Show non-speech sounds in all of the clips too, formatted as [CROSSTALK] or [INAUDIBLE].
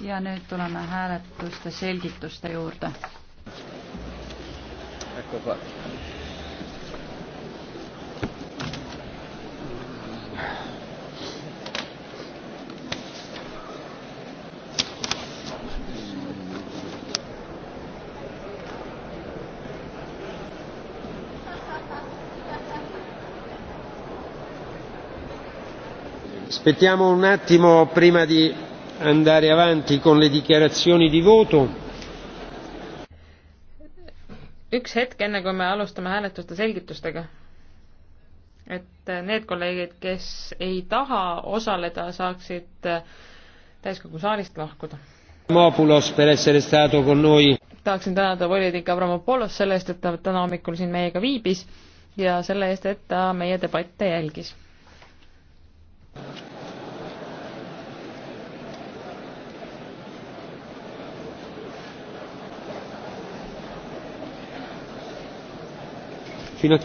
ja nüüd tuleme hääletuste selgituste juurde. aspettiamo un attimo prima di andare avanti con le dichiarazioni di voto. üks hetk, enne kui me alustame hääletuste selgitustega. et need kolleegid, kes ei taha osaleda, saaksid täiskogu saalist lahkuda. tahaksin tänada volinik Avramopoulos selle eest, et ta täna hommikul siin meiega viibis ja selle eest, et ta meie debatte jälgis Fino,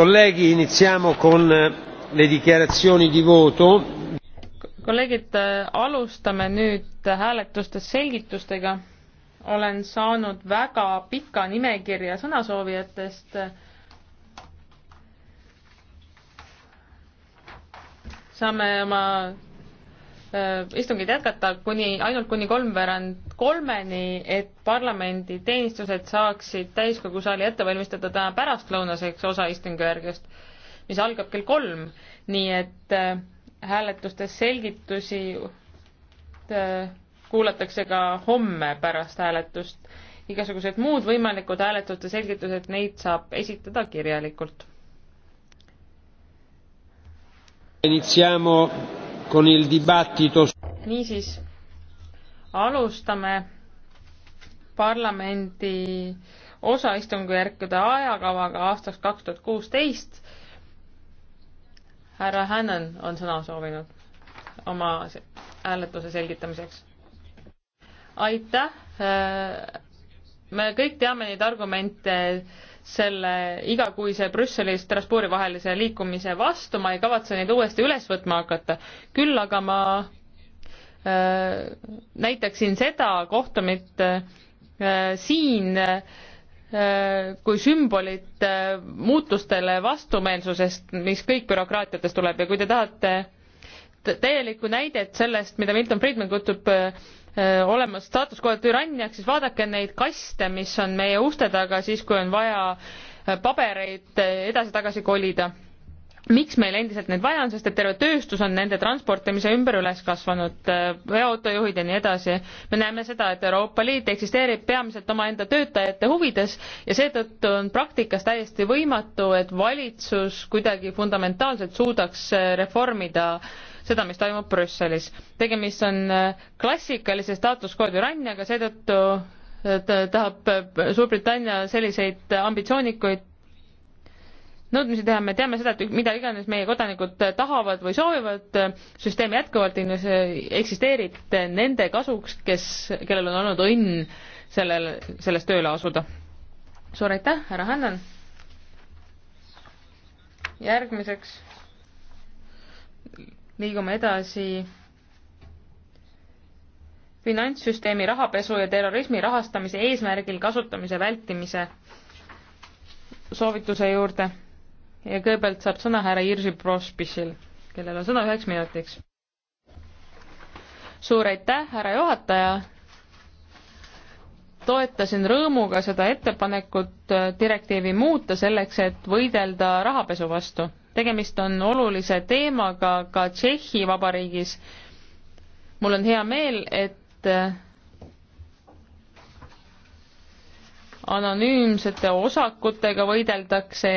colleghi iniziamo con eh, le dichiarazioni di voto. kolleegid eh, alustame nüüd hääletuste selgitustega. olen saanud väga pika nimekirja sõnasoovijatest. saame oma Äh, istungit jätkata kuni, ainult kuni kolmveerand kolmeni, et parlamendi teenistused saaksid täiskogu saali ette valmistada täna pärastlõunaseks osa istungjärgust, mis algab kell kolm, nii et äh, hääletustes selgitusi äh, kuulatakse ka homme pärast hääletust. igasugused muud võimalikud hääletuste selgitused, neid saab esitada kirjalikult. Iniziamo con il dibattito. niisiis, alustame parlamendi osaistungjärkude ajakavaga aastaks kaks tuhat kuusteist. härra Hännan on sõna soovinud oma hääletuse selgitamiseks. aitäh. Äh, me kõik teame neid argumente selle igakuise Brüsseli ja Strasbourgi vahelise liikumise vastu, ma ei kavatse neid uuesti üles võtma hakata. küll aga ma äh, näitaksin seda kohtumit äh, siin äh, kui sümbolit äh, muutustele vastumeelsusest, mis kõik bürokraatiatest tuleb ja kui te tahate täielikku näidet sellest, mida Milton Friedman kutsub äh, olemas staatus quo türanniaks, siis vaadake neid kaste, mis on meie uste taga siis, kui on vaja pabereid edasi-tagasi kolida. miks meil endiselt neid vaja on, sest et terve tööstus on nende transportimise ümber üles kasvanud, veoautojuhid ja nii edasi. me näeme seda, et Euroopa Liit eksisteerib peamiselt omaenda töötajate huvides ja seetõttu on praktikas täiesti võimatu, et valitsus kuidagi fundamentaalselt suudaks reformida äh, seda, mis toimub Brüsselis. tegemist on äh, klassikalise status quo türanniaga, seetõttu äh, tahab äh, Suurbritannia selliseid ambitsioonikuid nõudmisi teha, me teame seda, et mida iganes meie kodanikud tahavad või soovivad, süsteem jätkuvalt eksisteerib nende kasuks, kes, kellel on olnud õnn sellel, selles tööle asuda. suur aitäh, härra Hannan! järgmiseks liigume edasi finantssüsteemi rahapesu ja terrorismi rahastamise eesmärgil kasutamise vältimise soovituse juurde. ja kõigepealt saab sõna härra Jirži Prospisil, kellel on sõna üheks minutiks. suur aitäh, härra juhataja. toetasin rõõmuga seda ettepanekut direktiivi muuta selleks, et võidelda rahapesu vastu tegemist on olulise teemaga ka Tšehhi Vabariigis. mul on hea meel, et äh, anonüümsete osakutega võideldakse,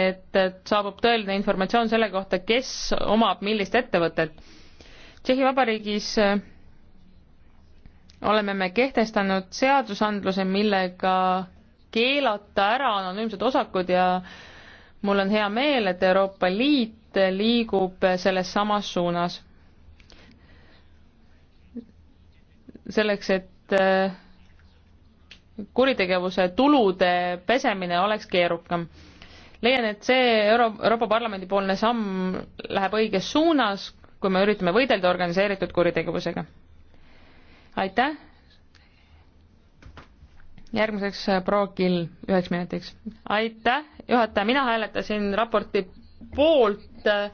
et saabub tõeline informatsioon selle kohta, kes omab millist ettevõtet. Tšehhi Vabariigis äh, oleme me kehtestanud seadusandluse, millega keelata ära anonüümsed osakud ja äh, mul on hea meel, et Euroopa Liit liigub selles samas suunas. selleks, et äh, kuritegevuse tulude pesemine oleks keerukam. leian, et see Euro-, Euroopa Parlamendi poolne samm läheb õiges suunas, kui me üritame võidelda organiseeritud kuritegevusega. aitäh! järgmiseks äh, proua Kill üheks minutiks. aitäh, juhataja, mina hääletasin raporti poolt, äh,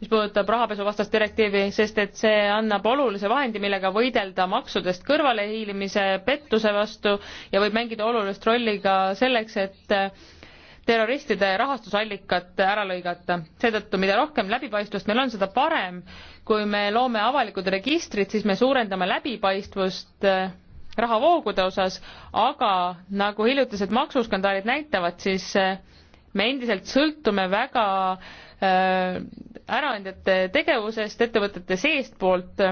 mis puudutab rahapesuvastast direktiivi, sest et see annab olulise vahendi, millega võidelda maksudest kõrvalehiilimise, pettuse vastu ja võib mängida olulist rolli ka selleks, et äh, terroristide rahastusallikat ära lõigata. seetõttu, mida rohkem läbipaistvust meil on, seda parem. kui me loome avalikud registrid, siis me suurendame läbipaistvust rahavoogude osas, aga nagu hiljutised maksuskandaalid näitavad, siis eh, me endiselt sõltume väga eh, äraandjate tegevusest ettevõtete seestpoolt,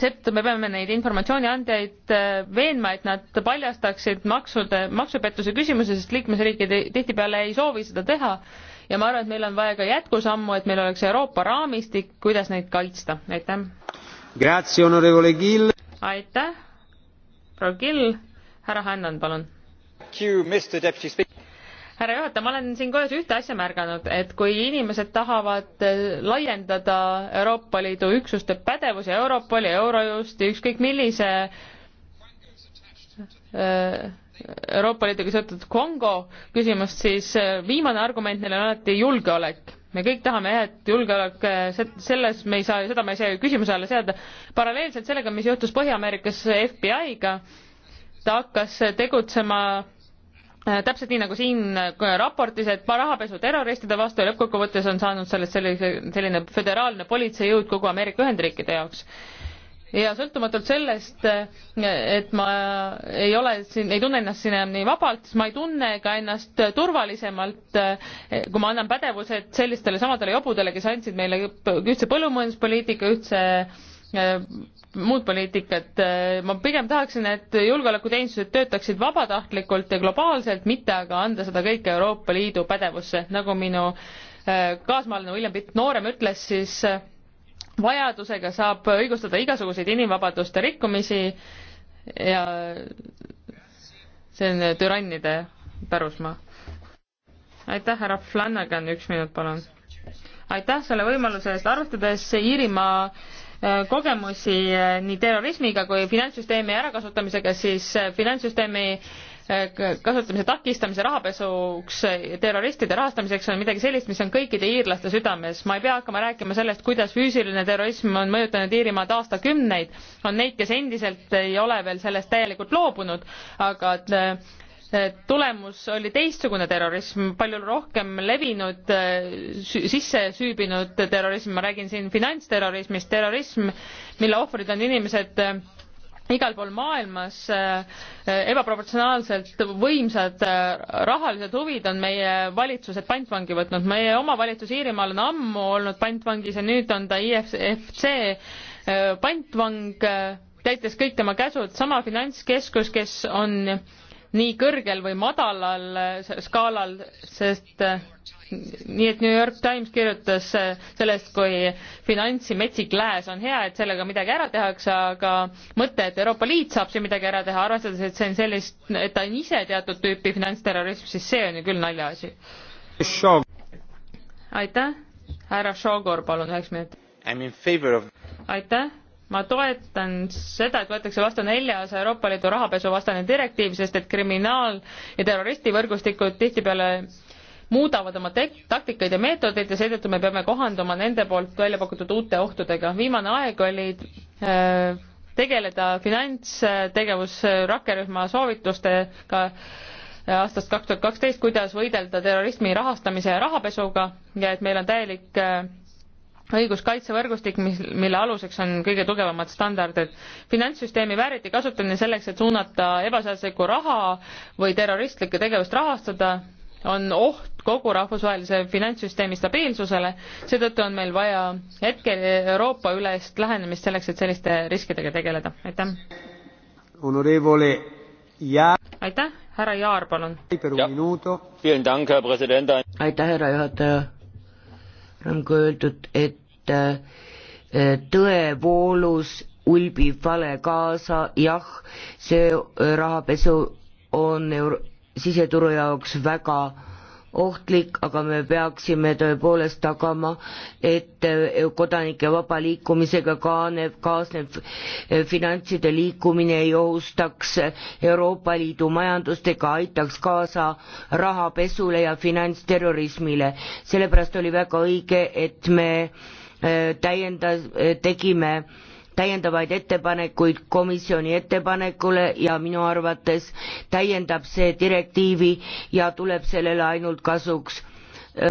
seetõttu me peame neid informatsiooniandjaid eh, veenma, et nad paljastaksid maksude, maksupettuse küsimuse, sest liikmesriigid tihtipeale ei soovi seda teha ja ma arvan, et meil on vaja ka jätkusammu, et meil oleks Euroopa raamistik, kuidas neid kaitsta, aitäh. aitäh proua Kill, härra Hannan, palun. härra juhataja, ma olen siin kojas ühte asja märganud, et kui inimesed tahavad äh, laiendada Euroopa Liidu üksuste pädevusi Europoli, Eurojusti, ükskõik millise äh, Euroopa Liiduga seotud Kongo küsimust, siis äh, viimane argument neil on alati julgeolek me kõik tahame jah, et julgeolek, eh, selles me ei saa, seda me ei saa ju küsimuse alla seada. paralleelselt sellega, mis juhtus Põhja-Ameerikas FBI-ga, ta hakkas tegutsema eh, täpselt nii nagu siin eh, raportis, et rahapesu terroristide vastu ja lõppkokkuvõttes on saanud sellest sellise, selline föderaalne politseijõud kogu Ameerika Ühendriikide jaoks ja sõltumatult sellest, et ma ei ole siin, ei tunne ennast siin enam nii vabalt, siis ma ei tunne ka ennast turvalisemalt, kui ma annan pädevused sellistele samadele jobudele, kes andsid meile ühtse põllumajanduspoliitika, ühtse eh, muud poliitikat. ma pigem tahaksin, et julgeolekuteenistused töötaksid vabatahtlikult ja globaalselt, mitte aga anda seda kõike Euroopa Liidu pädevusse, nagu minu eh, kaasmaalane William Pitt noorem ütles, siis eh, vajadusega saab õigustada igasuguseid inimvabaduste rikkumisi ja see on türannide pärusmaa. aitäh, härra Flanagan, üks minut, palun. aitäh selle võimaluse eest, arvestades Iirimaa äh, kogemusi äh, nii terrorismiga kui finantssüsteemi ärakasutamisega, siis äh, finantssüsteemi kasutamise takistamise rahapesuks, terroristide rahastamiseks on midagi sellist, mis on kõikide iirlaste südames. ma ei pea hakkama rääkima sellest, kuidas füüsiline terrorism on mõjutanud Iirimaad aastakümneid. on neid, kes endiselt ei ole veel sellest täielikult loobunud, aga tulemus oli teistsugune terrorism, palju rohkem levinud, sisse süübinud terrorism, ma räägin siin finantsterrorismist, terrorism, mille ohvrid on inimesed, igal pool maailmas äh, ebaproportsionaalselt võimsad äh, rahalised huvid on meie valitsused pantvangi võtnud. meie oma valitsus Iirimaal on ammu olnud pantvangis ja nüüd on ta IFC äh, pantvang, täites kõik tema käsud. sama finantskeskus, kes on nii kõrgel või madalal skaalal, sest äh, nii et New York Times kirjutas äh, sellest, kui finantsi metsik lääs on hea, et sellega midagi ära tehakse, aga mõte, et Euroopa Liit saab siin midagi ära teha, arvestades, et see on sellist, et ta on ise teatud tüüpi finantsterrorism, siis see on ju küll naljaasi. aitäh, härra Šogor, palun üheks minutiks. Of... aitäh ma toetan seda, et võetakse vastu neljas Euroopa Liidu rahapesuvastane direktiiv, sest et kriminaal- ja terroristivõrgustikud tihtipeale muudavad oma tek-, taktikaid ja meetodeid ja seetõttu me peame kohanduma nende poolt välja pakutud uute ohtudega. viimane aeg oli äh, tegeleda finantstegevus rakkerühma soovitustega aastast kaks tuhat kaksteist, kuidas võidelda terrorismi rahastamise ja rahapesuga ja et meil on täielik äh, õiguskaitsevõrgustik, mis, mille aluseks on kõige tugevamad standardid. finantssüsteemi vääriti kasutamine selleks, et suunata ebaseaduslikku raha või terroristlikku tegevust rahastada, on oht kogu rahvusvahelise finantssüsteemi stabiilsusele, seetõttu on meil vaja hetkel Euroopa ülest lähenemist selleks, et selliste riskidega tegeleda, aitäh. aitäh, härra Jaar, palun. aitäh, härra juhataja nagu öeldud, et äh, tõevoolus ulbib vale kaasa, jah, see rahapesu on euro-, siseturu jaoks väga ohtlik, aga me peaksime tõepoolest tagama, et äh, kodanike vaba liikumisega kaaneb, kaasnev äh, finantside liikumine ei ohustaks äh, Euroopa Liidu majandust ega aitaks kaasa rahapesule ja finantsterrorismile. sellepärast oli väga õige, et me täiendas-, tegime täiendavaid ettepanekuid komisjoni ettepanekule ja minu arvates täiendab see direktiivi ja tuleb sellele ainult kasuks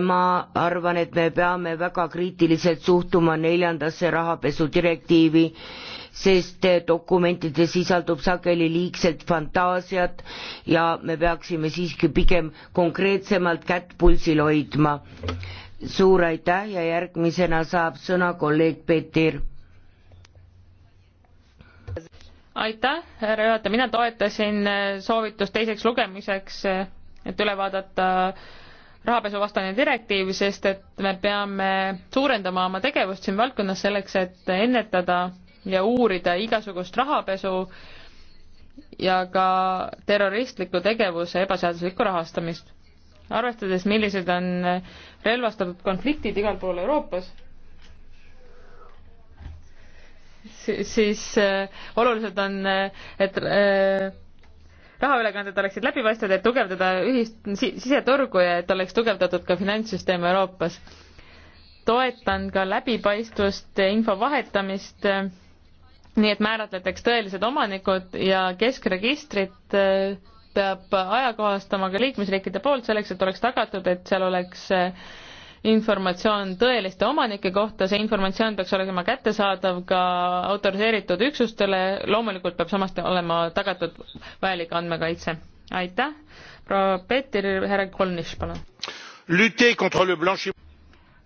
ma arvan, et me peame väga kriitiliselt suhtuma neljandasse rahapesudirektiivi, sest dokumentides sisaldub sageli liigselt fantaasiat ja me peaksime siiski pigem konkreetsemalt kätt pulsil hoidma. suur aitäh ja järgmisena saab sõna kolleeg Peeter aitäh, härra juhataja, mina toetasin äh, soovitust teiseks lugemiseks, äh, et üle vaadata äh, rahapesuvastane direktiiv, sest et me peame suurendama oma tegevust siin valdkonnas selleks, et ennetada ja uurida igasugust rahapesu ja ka terroristliku tegevuse ebaseaduslikku rahastamist. arvestades, millised on relvastatud konfliktid igal pool Euroopas siis äh, olulised on, äh, et äh, rahaülekanded oleksid läbipaistvad, et tugevdada ühist siseturgu ja et oleks tugevdatud ka finantssüsteem Euroopas. toetan ka läbipaistvust, info vahetamist, nii et määratletaks tõelised omanikud ja keskregistrit peab ajakohastama ka liikmesriikide poolt selleks, et oleks tagatud, et seal oleks äh, informatsioon tõeliste omanike kohta, see informatsioon peaks olema kättesaadav ka autoriseeritud üksustele, loomulikult peab samas olema tagatud vajalik andmekaitse. aitäh, proua Peeter, härra Kolnis, palun.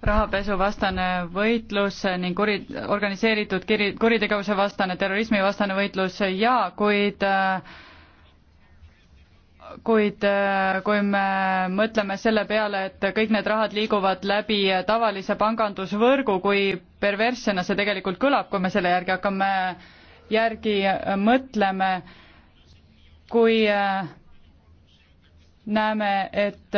rahapesuvastane võitlus ning kuri, organiseeritud kiri, kuritegevuse vastane, terrorismi vastane võitlus, jaa, kuid äh, kuid äh, kui me mõtleme selle peale, et kõik need rahad liiguvad läbi tavalise pangandusvõrgu, kui perverssena see tegelikult kõlab, kui me selle järgi hakkame järgi äh, mõtleme, kui äh, näeme, et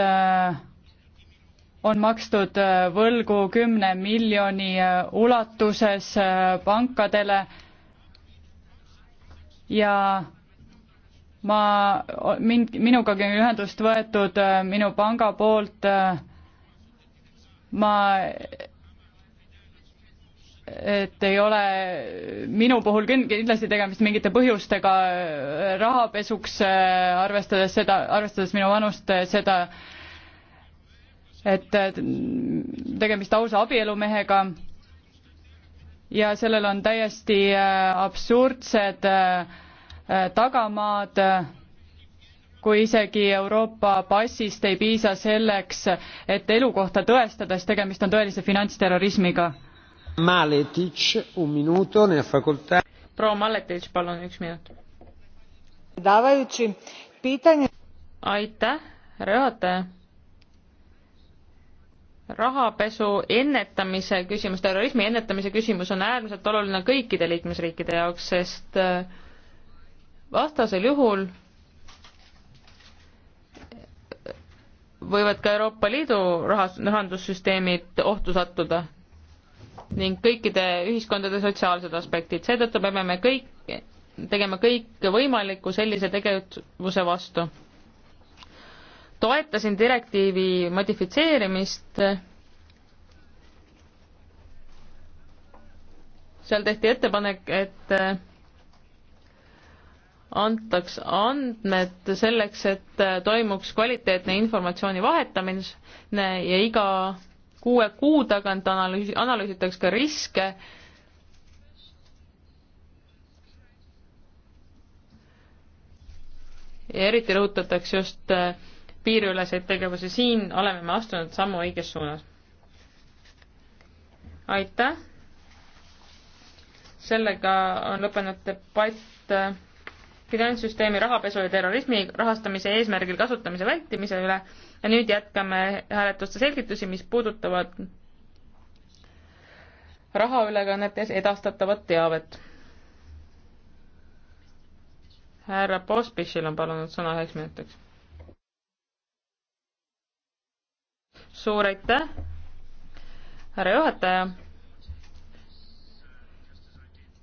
on makstud võlgu kümne miljoni ulatuses pankadele ja ma, mind, minuga on ühendust võetud äh, minu panga poolt, äh, ma et ei ole minu puhul kindlasti tegemist mingite põhjustega äh, rahapesuks, arvestades seda, arvestades minu vanust, seda, et tegemist ausa abielumehega ja sellel on täiesti absurdsed äh, Äh, tagamaad, äh, kui isegi Euroopa passist ei piisa selleks, et elukohta tõestada, siis tegemist on tõelise finantsterrorismiga. proua Maletitš, palun üks minut. aitäh, härra juhataja rahapesu ennetamise küsimus, terrorismi ennetamise küsimus on äärmiselt oluline kõikide liikmesriikide jaoks, sest äh, vastasel juhul võivad ka Euroopa Liidu rahas-, rahandussüsteemid ohtu sattuda ning kõikide ühiskondade sotsiaalsed aspektid, seetõttu peame me kõik, tegema kõik võimalikku sellise tegevuse vastu. toetasin direktiivi modifitseerimist, seal tehti ettepanek, et antaks andmed selleks, et äh, toimuks kvaliteetne informatsiooni vahetamine ja iga kuue kuu tagant analüüs, analüüsitakse ka riske. ja eriti rõhutatakse just äh, piiriüleseid tegevusi, siin oleme me astunud sammu õiges suunas. aitäh! sellega on lõppenud debatt finantssüsteemi rahapesu ja terrorismi rahastamise eesmärgil kasutamise vältimise üle ja nüüd jätkame hääletuste selgitusi, mis puudutavad rahaülekannetes edastatavat teavet. härra Pospišil on palunud sõna üheks minutiks. suur aitäh, härra juhataja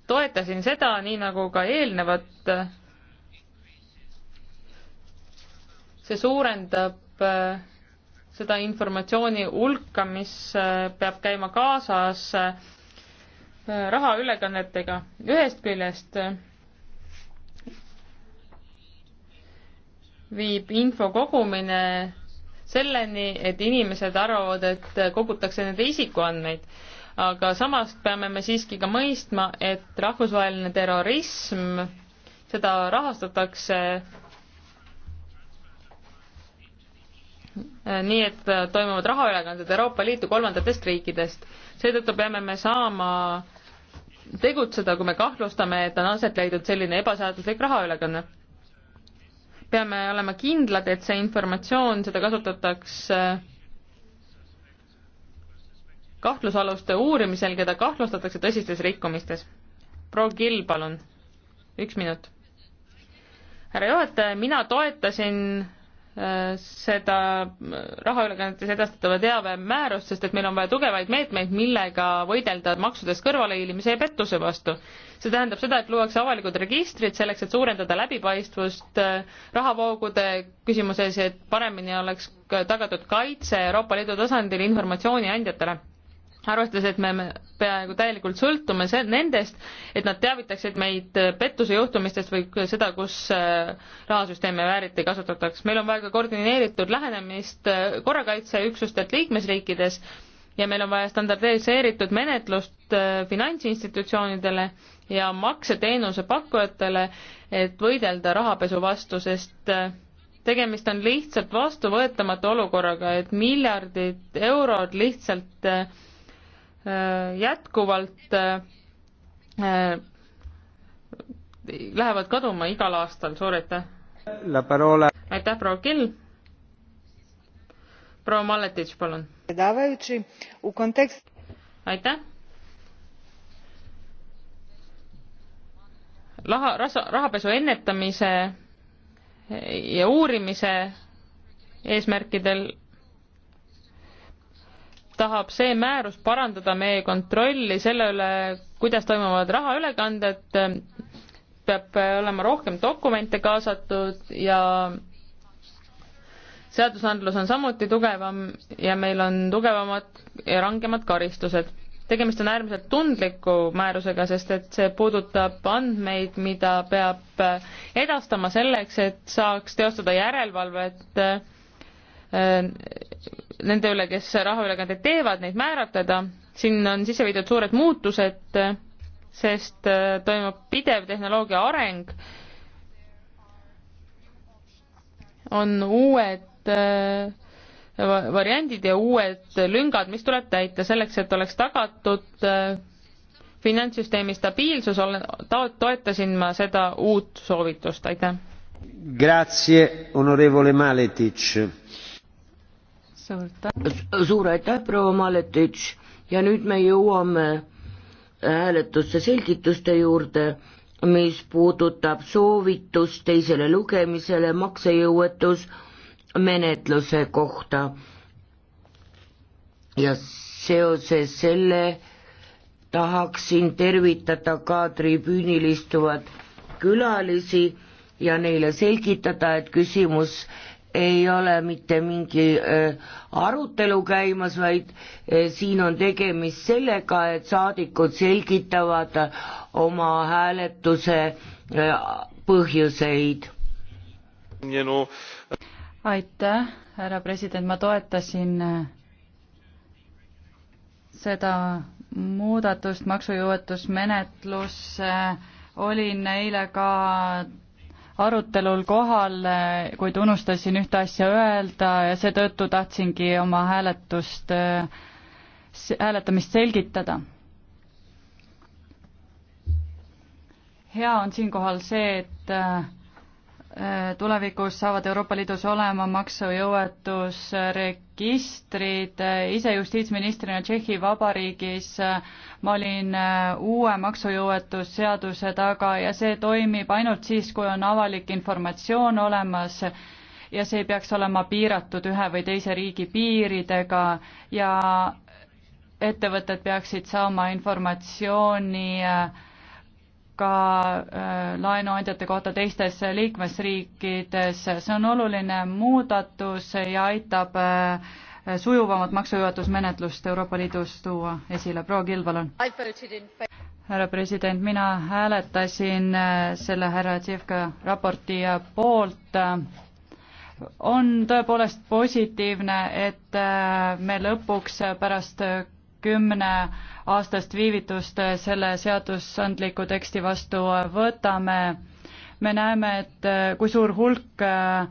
toetasin seda, nii nagu ka eelnevat see suurendab äh, seda informatsiooni hulka, mis äh, peab käima kaasas äh, rahaülekannetega. ühest küljest viib info kogumine selleni, et inimesed arvavad, et kogutakse nende isikuandmeid, aga samas peame me siiski ka mõistma, et rahvusvaheline terrorism, seda rahastatakse Äh, nii et äh, toimuvad rahaülekanded Euroopa Liitu kolmandatest riikidest. seetõttu peame me saama tegutseda, kui me kahtlustame, et on aset leidnud selline ebaseaduslik rahaülekanne. peame olema kindlad, et see informatsioon, seda kasutatakse kahtlusaluste uurimisel, keda kahtlustatakse tõsistes rikkumistes. proua Kill, palun, üks minut. härra juhataja, mina toetasin Äh, seda rahaülekannetes edastatava teabe määrust, sest et meil on vaja tugevaid meetmeid, millega võidelda maksudest kõrvalehiilimise ja pettuse vastu. see tähendab seda, et luuakse avalikud registrid selleks, et suurendada läbipaistvust äh, rahavoogude küsimuses, et paremini oleks tagatud kaitse Euroopa Liidu tasandil informatsiooni andjatele arvestades, et me peaaegu täielikult sõltume see, nendest, et nad teavitaksid meid äh, pettuse juhtumistest või seda, kus äh, rahasüsteeme vääriti kasutatakse. meil on vaja ka koordineeritud lähenemist äh, korrakaitseüksustelt liikmesriikides ja meil on vaja standardiseeritud menetlust finantsinstitutsioonidele ja makseteenuse pakkujatele, et võidelda rahapesu vastu, sest tegemist on lihtsalt vastuvõetamatu olukorraga, et miljardid eurod lihtsalt Äh, jätkuvalt äh, äh, lähevad kaduma igal aastal, suur aitäh! aitäh, proua Kill! proua Malletitš, palun! aitäh! raha, rahapesu ennetamise ja uurimise eesmärkidel tahab see määrus parandada meie kontrolli selle üle, kuidas toimuvad rahaülekanded, peab olema rohkem dokumente kaasatud ja seadusandlus on samuti tugevam ja meil on tugevamad ja rangemad karistused. tegemist on äärmiselt tundliku määrusega, sest et see puudutab andmeid, mida peab edastama selleks, et saaks teostada järelevalvet äh, nende üle, kes rahaülekandeid teevad, neid määratleda. siin on sisse viidud suured muutused, sest äh, toimub pidev tehnoloogia areng. on uued äh, variandid ja uued lüngad, mis tuleb täita selleks, et oleks tagatud äh, finantssüsteemi stabiilsus, olen, toetasin ma seda uut soovitust, aitäh. Grazie, onorevole Maletic suur tänu. suur aitäh, proua Maletitš ja nüüd me jõuame hääletuste selgituste juurde, mis puudutab soovitust teisele lugemisele maksejõuetusmenetluse kohta. ja seoses selle tahaksin tervitada ka tribüünil istuvad külalisi ja neile selgitada, et küsimus ei ole mitte mingi äh, arutelu käimas, vaid äh, siin on tegemist sellega, et saadikud selgitavad oma hääletuse äh, põhjuseid. aitäh, härra president, ma toetasin seda muudatust maksujõuetusmenetlusse, olin eile ka arutelul kohal, kuid unustasin ühte asja öelda ja seetõttu tahtsingi oma hääletust, hääletamist selgitada. hea on siinkohal see, et äh, tulevikus saavad Euroopa Liidus olema maksujõuetus reg-, registrid, ise justiitsministrina Tšehhi Vabariigis äh, ma olin äh, uue maksujõuetusseaduse taga ja see toimib ainult siis, kui on avalik informatsioon olemas ja see ei peaks olema piiratud ühe või teise riigi piiridega ja ettevõtted peaksid saama informatsiooni äh, ka äh, laenuandjate kohta teistes liikmesriikides. see on oluline muudatus ja aitab äh, sujuvamat maksejõuetusmenetlust Euroopa Liidus tuua esile. proua Kill, palun. härra president, mina hääletasin äh, selle härra Tsivka raporti poolt on tõepoolest positiivne, et me lõpuks pärast kümne aastast viivitust selle seadusandliku teksti vastu võtame. me näeme, et äh, kui suur hulk äh,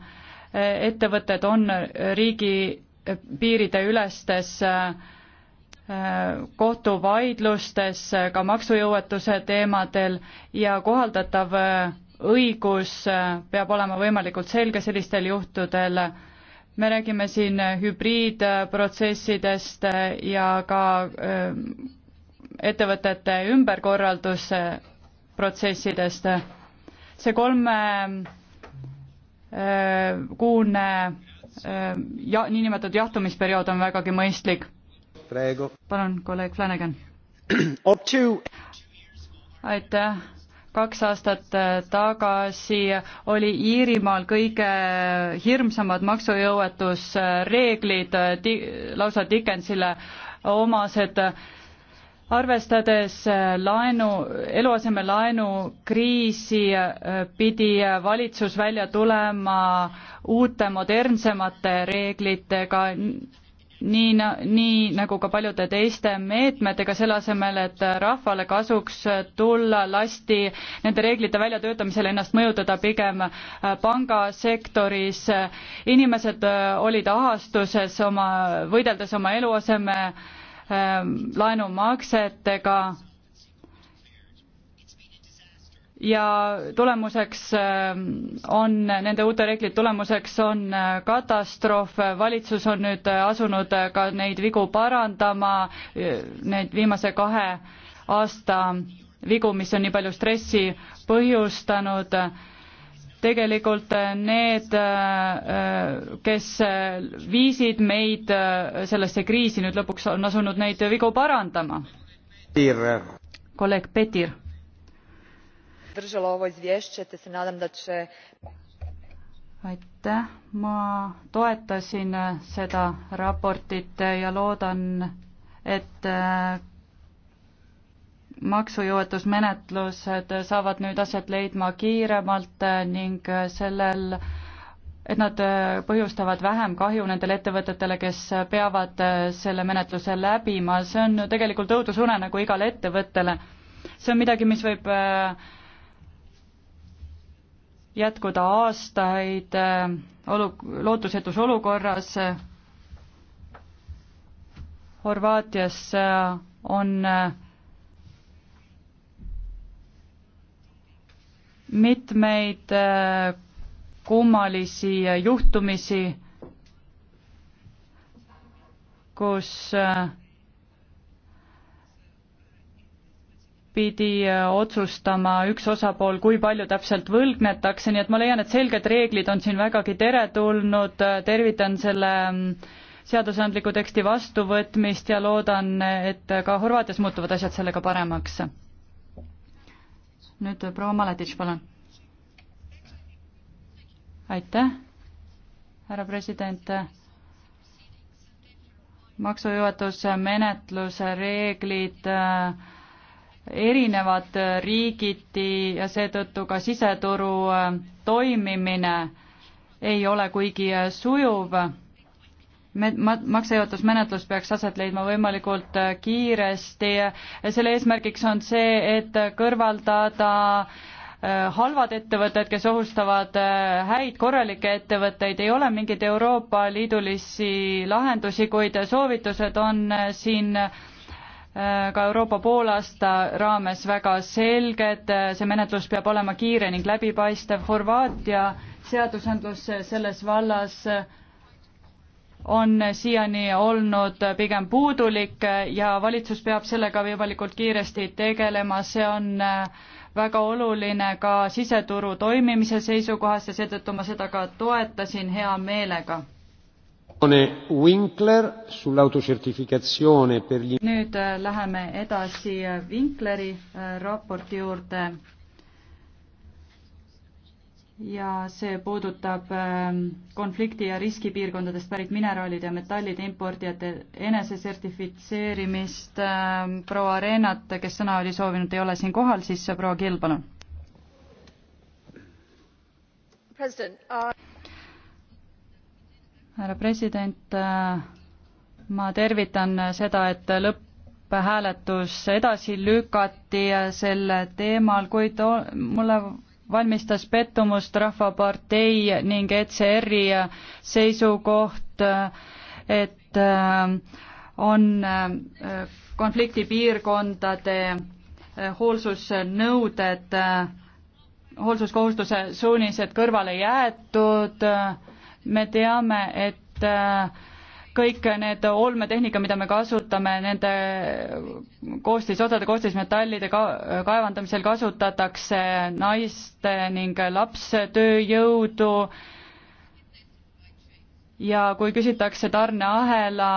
ettevõtted on riigi piiride ülestes äh, kohtuvaidlustes, ka maksujõuetuse teemadel ja kohaldatav õigus peab olema võimalikult selge sellistel juhtudel. me räägime siin hübriidprotsessidest ja ka ettevõtete ümberkorralduse protsessidest. see kolme äh, kuune äh, ja niinimetatud jahtumisperiood on vägagi mõistlik. palun, kolleeg Flanagan. [CLEARS THROAT] aitäh kaks aastat äh, tagasi oli Iirimaal kõige hirmsamad maksujõuetusreeglid ti-, lausa Dickensile omased arvestades äh, laenu, eluasemelaenu kriisi, äh, pidi äh, valitsus välja tulema uute modernsemate reeglitega, nii, nii nagu ka paljude teiste meetmetega, selle asemel, et rahvale kasuks tulla, lasti nende reeglite väljatöötamisel ennast mõjutada pigem pangasektoris. inimesed olid ahastuses oma, võideldes oma eluaseme Ähm, laenumaksetega ja tulemuseks ähm, on, nende uute reeglite tulemuseks on äh, katastroof, valitsus on nüüd äh, asunud äh, ka neid vigu parandama, neid viimase kahe aasta vigu, mis on nii palju stressi põhjustanud tegelikult äh, need, äh, äh, kes viisid meid sellesse kriisi nüüd lõpuks, on asunud neid vigu parandama. kolleeg Petir. aitäh, ma toetasin seda raportit ja loodan, et maksujõuetusmenetlused saavad nüüd aset leidma kiiremalt äh, ning äh, sellel, et nad äh, põhjustavad vähem kahju nendele ettevõtetele, kes peavad selle menetluse läbima, see on ju tegelikult õudusune nagu igale ettevõttele. see on midagi, mis võib jätkuda aastaid olu-, lootusetus olukorras. Horvaatias on äh, mitmeid äh, kummalisi äh, juhtumisi, kus äh, pidi otsustama üks osapool, kui palju täpselt võlgnetakse, nii et ma leian, et selged reeglid on siin vägagi teretulnud, tervitan selle mm, seadusandliku teksti vastuvõtmist ja loodan, et ka Horvaatias muutuvad asjad sellega paremaks nüüd äh, proua Maletitš, palun. aitäh, härra president. maksujuhatuse äh, menetluse äh, reeglid erinevad riigiti ja seetõttu ka siseturu toimimine ei ole kuigi sujuv maksejaotusmenetlus peaks aset leidma võimalikult äh, kiiresti. selle eesmärgiks on see, et kõrvaldada äh, halvad ettevõtted, kes ohustavad äh, häid korralikke ettevõtteid, ei ole mingeid Euroopa Liidulisi lahendusi, kuid soovitused on siin ka Euroopa poolaasta raames väga selged, see menetlus peab olema kiire ning läbipaistev, Horvaatia seadusandlus selles vallas on siiani olnud pigem puudulik ja valitsus peab sellega võimalikult kiiresti tegelema, see on äh, väga oluline ka siseturu toimimise seisukohast ja seetõttu ma seda ka toetasin hea meelega. nüüd äh, läheme edasi äh, Winkleri raporti juurde ja see puudutab ähm, konflikti ja riskipiirkondadest pärit mineraalide ja metallide importijate enesesertifitseerimist. Ähm, proua Reenat, kes sõna oli soovinud, ei ole siin kohal, siis proua Kill, palun. Uh, härra president, äh, ma tervitan seda, et lõpp hääletus edasi lükati äh, sel teemal, kuid mulle valmistas pettumust Rahvapartei ning ECR-i seisukoht, et äh, on äh, konfliktipiirkondade äh, hoolsusnõuded, hoolsuskohustuse suunised kõrvale jäetud, me teame, et kõik need olmetehnika, mida me kasutame nende koostis, osade koostismetallide ka-, kaevandamisel kasutatakse naiste ning lapstööjõudu ja kui küsitakse tarneahela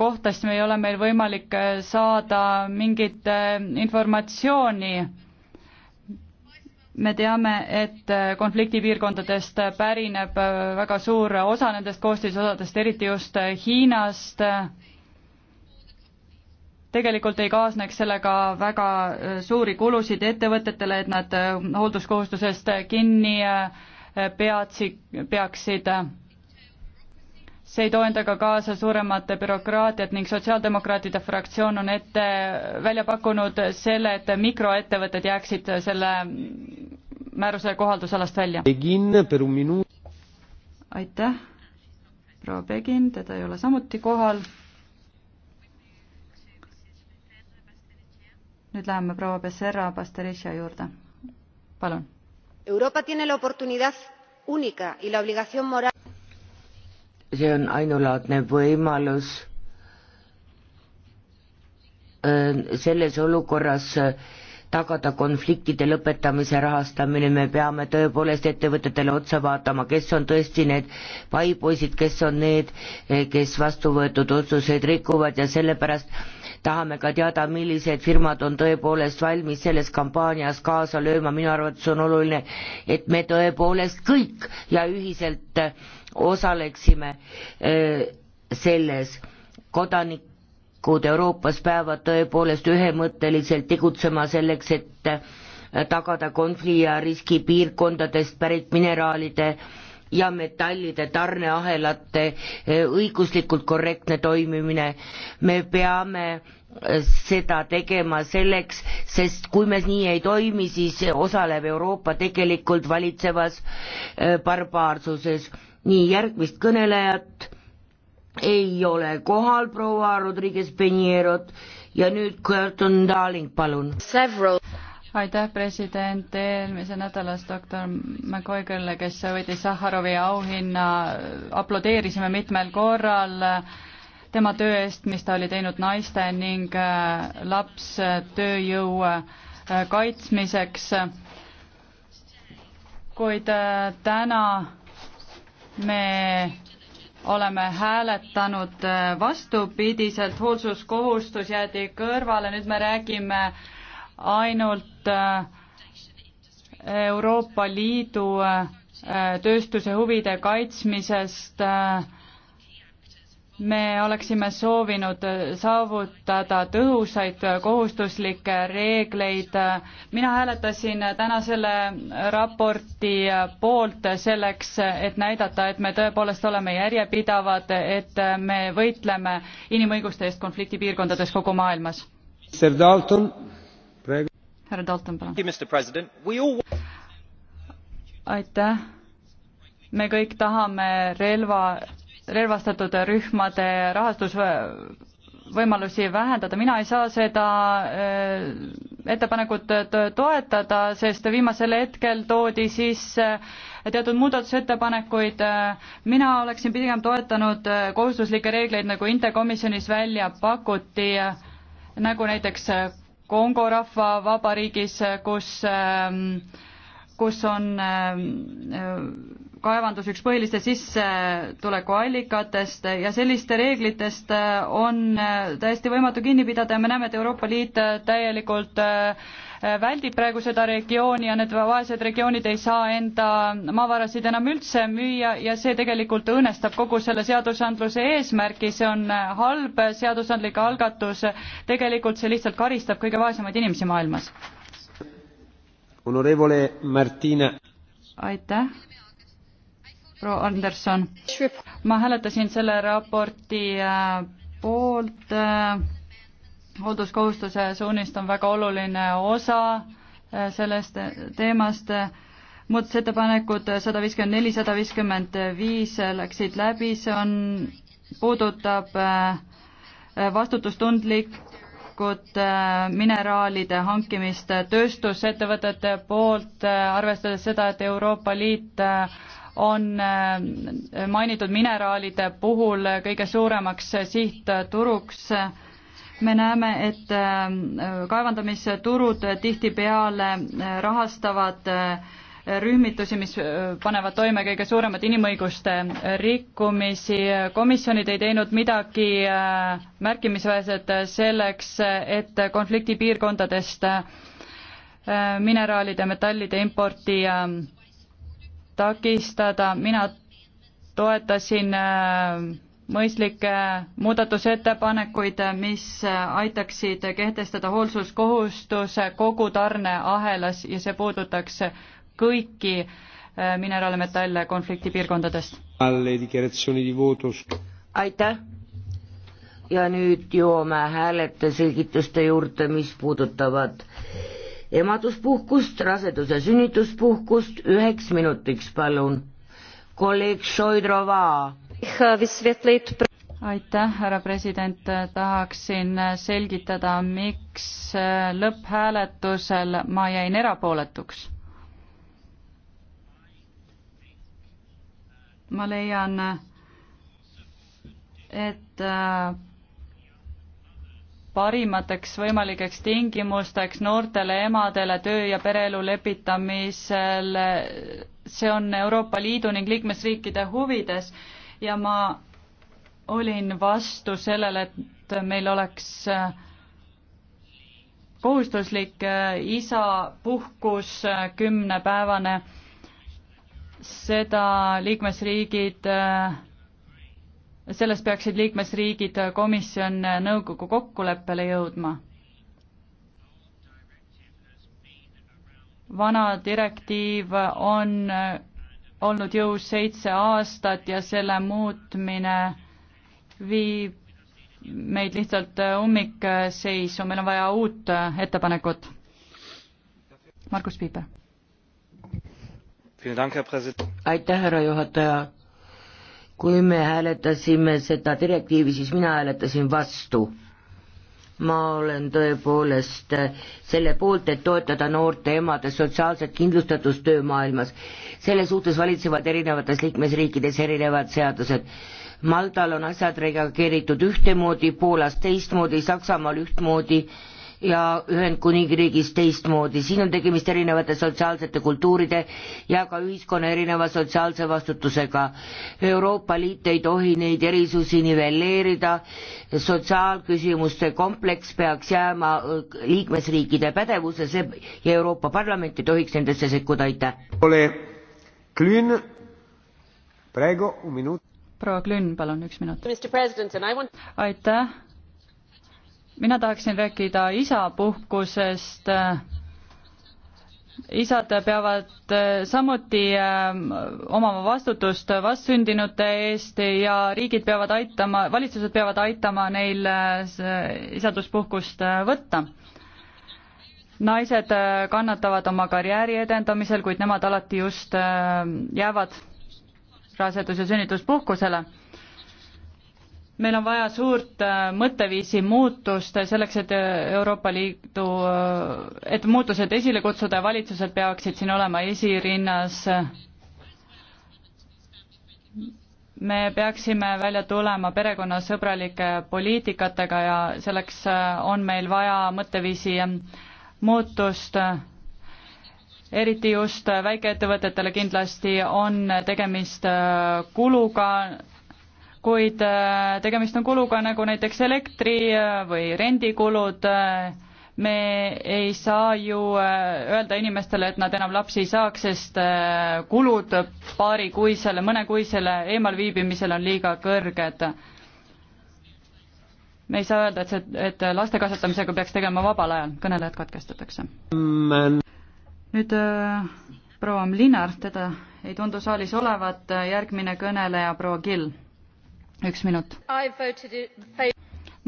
kohta, siis ei ole meil võimalik saada mingit informatsiooni me teame, et äh, konfliktipiirkondadest äh, pärineb äh, väga suur osa nendest koostisosadest, eriti just Hiinast. tegelikult ei kaasneks sellega väga suuri kulusid ettevõtetele, et nad hoolduskohustusest kinni peatsi, peaksid see ei too endaga kaasa suuremat bürokraatiat ning Sotsiaaldemokraatide fraktsioon on ette välja pakkunud selle, et mikroettevõtted jääksid selle määruse kohaldusalast välja. aitäh, proua Begin, teda ei ole samuti kohal. nüüd läheme proua Becerra Pasterisha juurde, palun. Europa tiene la oportunidad única y la obligación moral see on ainulaadne võimalus äh, selles olukorras äh, tagada konfliktide lõpetamise rahastamine, me peame tõepoolest ettevõtetele otsa vaatama, kes on tõesti need paipoisid, kes on need, äh, kes vastu võetud otsuseid rikuvad ja sellepärast tahame ka teada, millised firmad on tõepoolest valmis selles kampaanias kaasa lööma, minu arvates on oluline, et me tõepoolest kõik ja ühiselt äh, osaleksime äh, selles kodanik-, kodanikud Euroopas peavad tõepoolest ühemõtteliselt tegutsema selleks, et äh, tagada konflikti ja riskipiirkondadest pärit mineraalide ja metallide tarneahelate eh, õiguslikult korrektne toimimine. me peame eh, seda tegema selleks, sest kui me nii ei toimi, siis osaleb Euroopa tegelikult valitsevas eh, barbaarsuses. nii, järgmist kõnelejat ei ole kohal, proua Rodriguez Pinierot ja nüüd Curtin Darling, palun aitäh, president, eelmise nädalas doktor McCoy-Kõlle, kes võitis Sahharovi auhinna, aplodeerisime mitmel korral tema töö eest, mis ta oli teinud naiste ning äh, lapstööjõu äh, kaitsmiseks. kuid äh, täna me oleme hääletanud vastupidiselt, hoolsuskohustus jäeti kõrvale, nüüd me räägime äh, ainult äh, Euroopa Liidu äh, tööstuse huvide kaitsmisest. Äh, me oleksime soovinud saavutada tõhusaid kohustuslikke reegleid. mina hääletasin täna selle raporti poolt selleks, et näidata, et me tõepoolest oleme järjepidavad, et me võitleme inimõiguste eest konfliktipiirkondades kogu maailmas. Mr Dalton härra Dalton, palun. aitäh. me kõik tahame relva, relvastatud rühmade rahastusvõimalusi vähendada, mina ei saa seda äh, ettepanekut toetada, sest viimasel hetkel toodi sisse äh, teatud muudatusettepanekuid. Äh, mina oleksin pigem toetanud kohustuslikke reegleid, nagu Inte komisjonis välja pakuti, nagu näiteks Kongo rahvavabariigis, kus, ähm, kus on ähm, äh, kaevandus üks põhiliste sissetulekuallikatest ja selliste reeglitest äh, on äh, täiesti võimatu kinni pidada ja me näeme, et Euroopa Liit täielikult äh, Äh, väldib praegu seda regiooni ja need vaesed regioonid ei saa enda maavarasid enam üldse müüa ja see tegelikult õõnestab kogu selle seadusandluse eesmärki, see on äh, halb seadusandlik algatus, tegelikult see lihtsalt karistab kõige vaesemaid inimesi maailmas. aitäh proua Anderson. ma hääletasin selle raporti äh, poolt hoolduskohustuse suunist on väga oluline osa äh, sellest äh, teemast. muudatusettepanekud sada viiskümmend neli, sada viiskümmend viis läksid läbi, see on, puudutab äh, vastutustundlikud mineraalide hankimist tööstusettevõtete poolt, arvestades seda, et Euroopa Liit on mainitud mineraalide puhul kõige suuremaks sihtturuks me näeme, et äh, kaevandamisturud tihtipeale äh, rahastavad äh, rühmitusi, mis panevad toime kõige suuremaid inimõiguste rikkumisi. komisjonid ei teinud midagi märkimisväärset selleks, et konfliktipiirkondadest mineraalide, metallide importi takistada. mina toetasin mõistlikke muudatusettepanekuid, mis aitaksid kehtestada hoolsuskohustuse kogu tarneahelas ja see puudutaks kõiki äh, mineraale, metalle konfliktipiirkondadest. aitäh ja nüüd jõuame häälete selgituste juurde, mis puudutavad emaduspuhkust, raseduse sünnituspuhkust, üheks minutiks palun. kolleeg Šoidrova aitäh, härra president, tahaksin selgitada, miks lõpphääletusel ma jäin erapooletuks. ma leian, et äh, parimateks võimalikeks tingimusteks noortele emadele töö ja pereelu lepitamisel, see on Euroopa Liidu ning liikmesriikide huvides ja ma olin vastu sellele, et meil oleks äh, kohustuslik äh, isapuhkus, äh, kümnepäevane, seda liikmesriigid, selles peaksid liikmesriigid, komisjon, nõukogu kokkuleppele jõudma. vana direktiiv on olnud jõus seitse aastat ja selle muutmine viib meid lihtsalt ummikseisu, meil on vaja uut ettepanekut. Margus Piiper. aitäh, härra juhataja. kui me hääletasime seda direktiivi, siis mina hääletasin vastu ma olen tõepoolest selle poolt, et toetada noorte emade sotsiaalset kindlustatust töömaailmas. selle suhtes valitsevad erinevates liikmesriikides erinevad seadused. Maltal on asjad reageeritud ühtemoodi, Poolas teistmoodi, Saksamaal ühtmoodi ja Ühendkuningriigis teistmoodi, siin on tegemist erinevate sotsiaalsete kultuuride ja ka ühiskonna erineva sotsiaalse vastutusega. Euroopa Liit ei tohi neid erisusi nivelleerida, sotsiaalküsimuste kompleks peaks jääma äh, liikmesriikide pädevuse, see ja Euroopa Parlament ei tohiks nendesse sekkuda, aitäh. proua Klün, palun üks minut. aitäh mina tahaksin rääkida isapuhkusest. isad peavad äh, samuti äh, omama vastutust vastsündinute eest ja riigid peavad aitama, valitsused peavad aitama neil äh, isaduspuhkust võtta naised kannatavad oma karjääri edendamisel, kuid nemad alati just jäävad rasedus- ja sünnituspuhkusele meil on vaja suurt äh, mõtteviisi muutust selleks, et äh, Euroopa Liidu, äh, et muutused esile kutsuda ja valitsused peaksid siin olema esirinnas. me peaksime välja tulema perekonnasõbralike poliitikatega ja selleks on meil vaja mõtteviisi muutust eriti just väikeettevõtetele kindlasti on tegemist kuluga, kuid äh, tegemist on kuluga nagu näiteks elektri äh, või rendikulud. Äh, me ei saa ju öelda inimestele, et nad enam lapsi ei saaks, sest kulud paarikuisele, mõnekuisele eemalviibimisele on liiga kõrged. me ei saa öelda, et see, et laste kasvatamisega peaks tegema vabal ajal, kõnelejad katkestatakse. nüüd proua Mlinar, teda ei tundu saalis olevat, järgmine kõneleja proua Kill üks minut.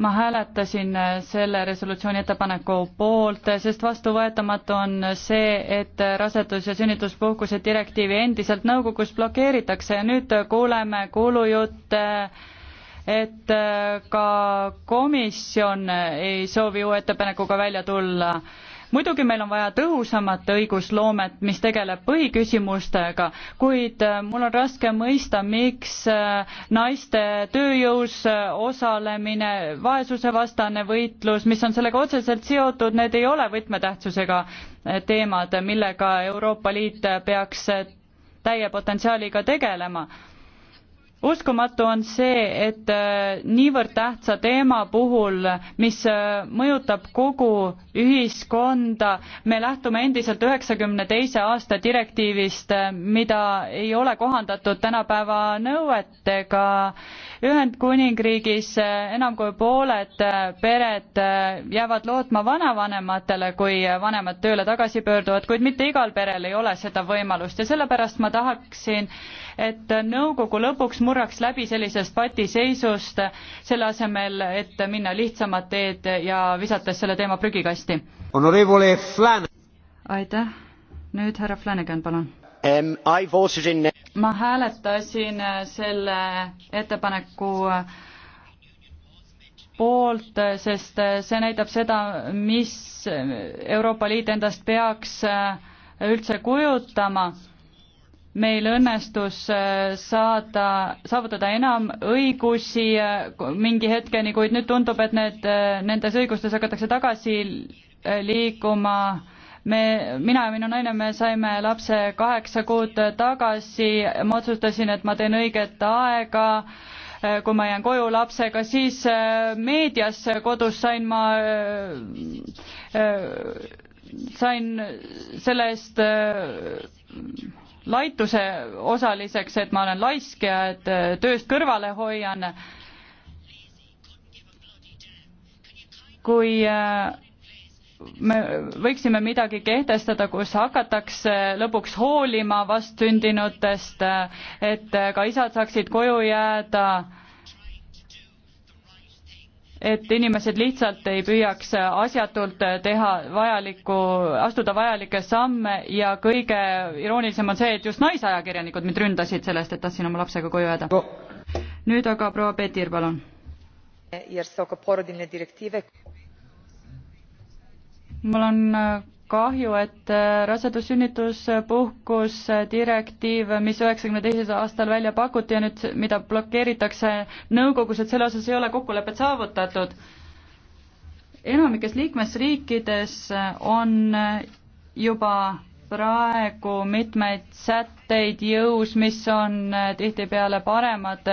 ma hääletasin äh, selle resolutsiooni ettepaneku poolt, äh, sest vastuvõetamatu on see, et äh, rasedus- ja sünnituspuhkuse direktiivi endiselt nõukogus blokeeritakse ja nüüd kuuleme kuulujutte et ka komisjon ei soovi uue ettepanekuga välja tulla muidugi meil on vaja tõhusamat õigusloomet, mis tegeleb põhiküsimustega, kuid äh, mul on raske mõista, miks äh, naiste tööjõus äh, osalemine, vaesusevastane võitlus, mis on sellega otseselt seotud, need ei ole võtmetähtsusega teemad, millega Euroopa Liit peaks täie potentsiaaliga tegelema uskumatu on see, et niivõrd tähtsa teema puhul, mis mõjutab kogu ühiskonda, me lähtume endiselt üheksakümne teise aasta direktiivist, eh, mida ei ole kohandatud tänapäeva nõuetega. Ühendkuningriigis eh, enam kui pooled eh, pered jäävad lootma vanavanematele, kui vanemad tööle tagasi pöörduvad, kuid mitte igal perel ei ole seda võimalust ja sellepärast ma tahaksin, et nõukogu lõpuks murraks läbi sellisest patiseisust, selle asemel, et minna lihtsamat teed ja visates selle teema prügikasti kiiresti. aitäh, nüüd härra Flanagan, palun um,. ma hääletasin äh, selle ettepaneku äh, poolt, äh, sest see näitab seda, mis Euroopa Liit endast peaks üldse kujutama meil õnnestus äh, saada, saavutada enam õigusi äh, mingi hetkeni, kuid nüüd tundub, et need, äh, nendes õigustes hakatakse tagasi liikuma. me, mina ja minu naine, me saime lapse kaheksa kuud tagasi, ma otsustasin, et ma teen õiget aega kui ma jään koju lapsega, siis meedias kodus sain ma sain selle eest laituse osaliseks, et ma olen laisk ja et äh, tööst kõrvale hoian. kui äh, me võiksime midagi kehtestada, kus hakatakse lõpuks hoolima vastsündinutest, äh, et ka isad saaksid koju jääda et inimesed lihtsalt ei püüaks asjatult teha vajalikku, astuda vajalikke samme ja kõige iroonilisem on see, et just naisajakirjanikud mind ründasid selle eest, et tahtsin oma lapsega koju jääda no.. nüüd aga proua Petir, palun. mul on äh, kahju, et äh, rasedus-sünnituspuhkus äh, direktiiv, mis üheksakümne teisel aastal välja pakuti ja nüüd, mida blokeeritakse nõukogus, et selle osas ei ole kokkulepet saavutatud. enamikes liikmesriikides äh, on juba praegu mitmeid sätteid jõus, mis on tihtipeale paremad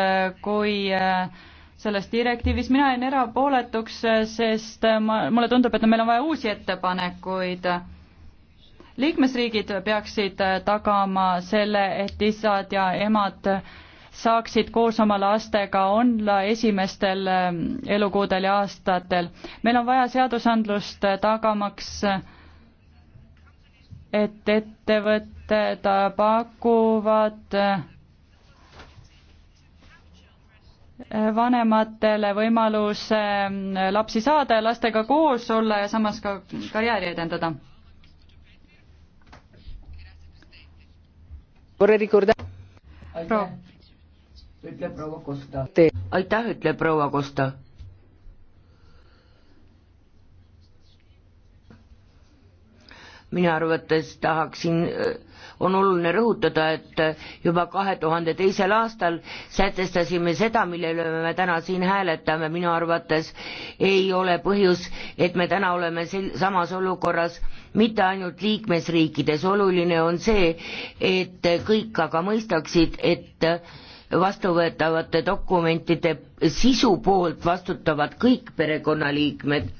kui äh, selles direktiivis, mina jäin erapooletuks, sest ma, mulle tundub, et meil on vaja uusi ettepanekuid. liikmesriigid peaksid tagama selle, et isad ja emad saaksid koos oma lastega olla esimestel elukuudel ja aastatel. meil on vaja seadusandlust tagamaks, et ettevõtted pakuvad Äh, vanematele võimaluse ähm, lapsi saada ja lastega koos olla ja samas ka karjääri edendada. ütleb proua Kosta. aitäh, ütleb proua Kosta. minu arvates tahaksin äh, on oluline rõhutada, et juba kahe tuhande teisel aastal sätestasime seda, mille üle me täna siin hääletame, minu arvates ei ole põhjus, et me täna oleme sel-, samas olukorras mitte ainult liikmesriikides, oluline on see, et kõik aga mõistaksid, et vastuvõetavate dokumentide sisu poolt vastutavad kõik perekonnaliikmed.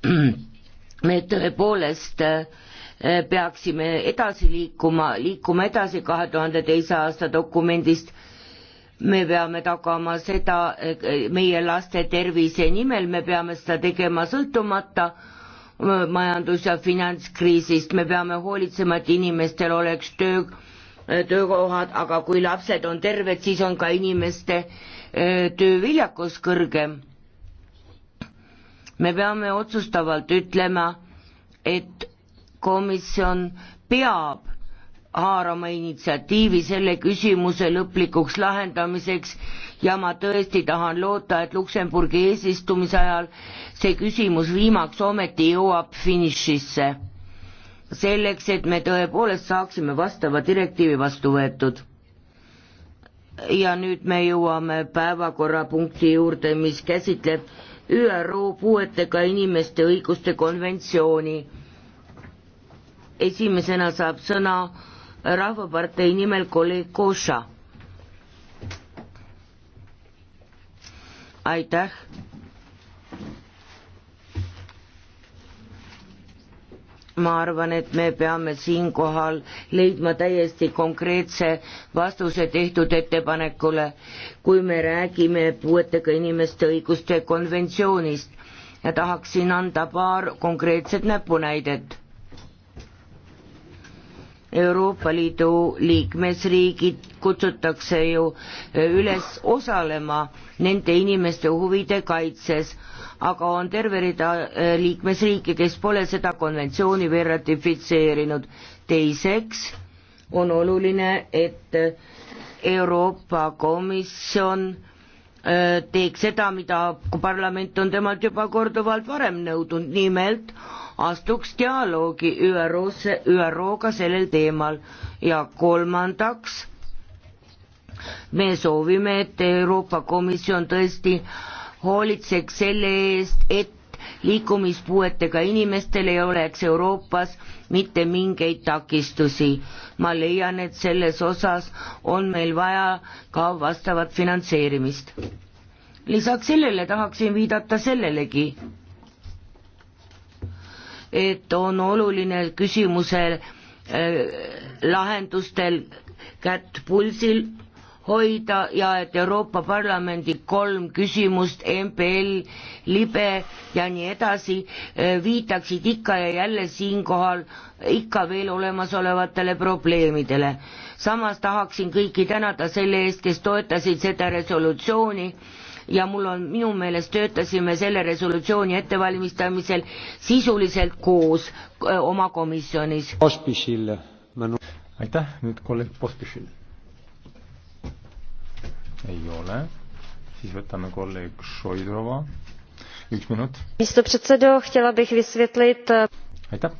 [CLEARS THROAT] me tõepoolest äh, Eh, peaksime edasi liikuma, liikuma edasi kahe tuhande teise aasta dokumendist. me peame tagama seda eh, meie laste tervise nimel, me peame seda tegema sõltumata eh, majandus- ja finantskriisist, me peame hoolitsema, et inimestel oleks töö, töökohad, aga kui lapsed on terved, siis on ka inimeste tööviljakus kõrgem. me peame otsustavalt ütlema, et komisjon peab haarama initsiatiivi selle küsimuse lõplikuks lahendamiseks ja ma tõesti tahan loota, et Luksemburgi eesistumise ajal see küsimus viimaks ometi jõuab finišisse. selleks, et me tõepoolest saaksime vastava direktiivi vastu võetud. ja nüüd me jõuame päevakorrapunkti juurde, mis käsitleb ÜRO puuetega inimeste õiguste konventsiooni esimesena saab sõna Rahvapartei nimel kolleeg Koša. aitäh. ma arvan, et me peame siinkohal leidma täiesti konkreetse vastuse tehtud ettepanekule, kui me räägime puuetega inimeste õiguste konventsioonist ja tahaksin anda paar konkreetset näpunäidet Euroopa Liidu liikmesriigid kutsutakse ju eh, üles osalema nende inimeste huvide kaitses, aga on terve rida eh, liikmesriike, kes pole seda konventsiooni veel ratifitseerinud. teiseks on oluline, et eh, Euroopa Komisjon teeks seda, mida parlament on temalt juba korduvalt varem nõudnud, nimelt astuks dialoogi ÜRO-sse, ÜRO-ga sellel teemal ja kolmandaks me soovime, et Euroopa Komisjon tõesti hoolitseks selle eest, et liikumispuuetega inimestel ei oleks Euroopas mitte mingeid takistusi. ma leian, et selles osas on meil vaja ka vastavat finantseerimist. lisaks sellele tahaksin viidata sellelegi, et on oluline küsimusel äh, lahendustel kätt pulsil hoida ja et Euroopa Parlamendi kolm küsimust, MPL, libe ja nii edasi, äh, viitaksid ikka ja jälle siinkohal ikka veel olemasolevatele probleemidele. samas tahaksin kõiki tänada selle eest, kes toetasid seda resolutsiooni ja mul on, minu meelest töötasime selle resolutsiooni ettevalmistamisel sisuliselt koos öö, oma komisjonis. aitäh, nüüd kolleeg Pospišil. ei ole, siis võtame kolleeg Šoidrova, üks minut. aitäh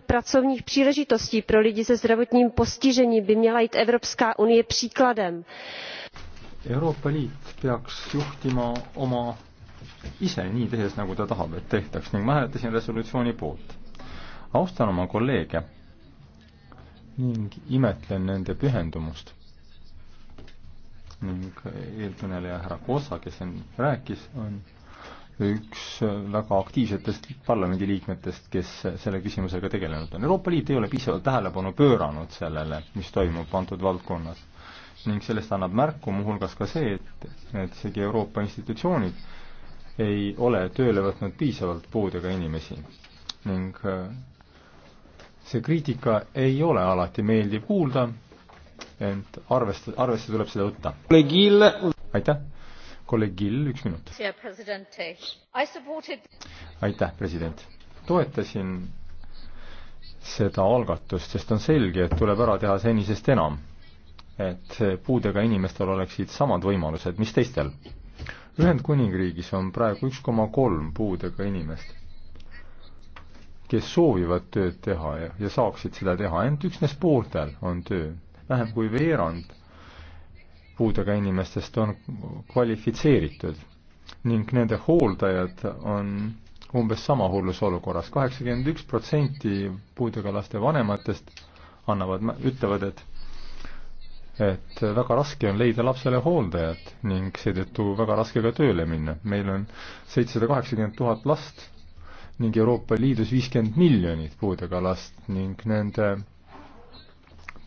pracovních příležitostí pro lidi se zdravotním postižením by měla jít evropská unie příkladem. Euroopa Liit peaks juhtima oma ise nii tehes, nagu ta tahab, et tehtaks ning ma hääletasin resolutsiooni poolt. austan oma kolleege ning imetlen nende pühendumust. ning eelkõneleja härra Kossa, kes siin rääkis, on üks väga aktiivsetest parlamendiliikmetest, kes selle küsimusega tegelenud on. Euroopa Liit ei ole piisavalt tähelepanu pööranud sellele, mis toimub antud valdkonnas. ning sellest annab märku muuhulgas ka see, et, et isegi Euroopa institutsioonid ei ole tööle võtnud piisavalt puudega inimesi. ning äh, see kriitika ei ole alati meeldiv kuulda, ent arvest-, arvesse tuleb seda võtta. aitäh! kolleeg Gill, üks minut. aitäh, president. toetasin seda algatust, sest on selge, et tuleb ära teha senisest enam. et puudega inimestel oleksid samad võimalused, mis teistel. Ühendkuningriigis on praegu üks koma kolm puudega inimest, kes soovivad tööd teha ja, ja saaksid seda teha, ent üksnes pooltel on töö. vähem kui veerand puudega inimestest on kvalifitseeritud ning nende hooldajad on umbes sama hullus olukorras. kaheksakümmend üks protsenti puudega laste vanematest annavad, ütlevad, et et väga raske on leida lapsele hooldajat ning seetõttu väga raske ka tööle minna. meil on seitsesada kaheksakümmend tuhat last ning Euroopa Liidus viiskümmend miljonit puudega last ning nende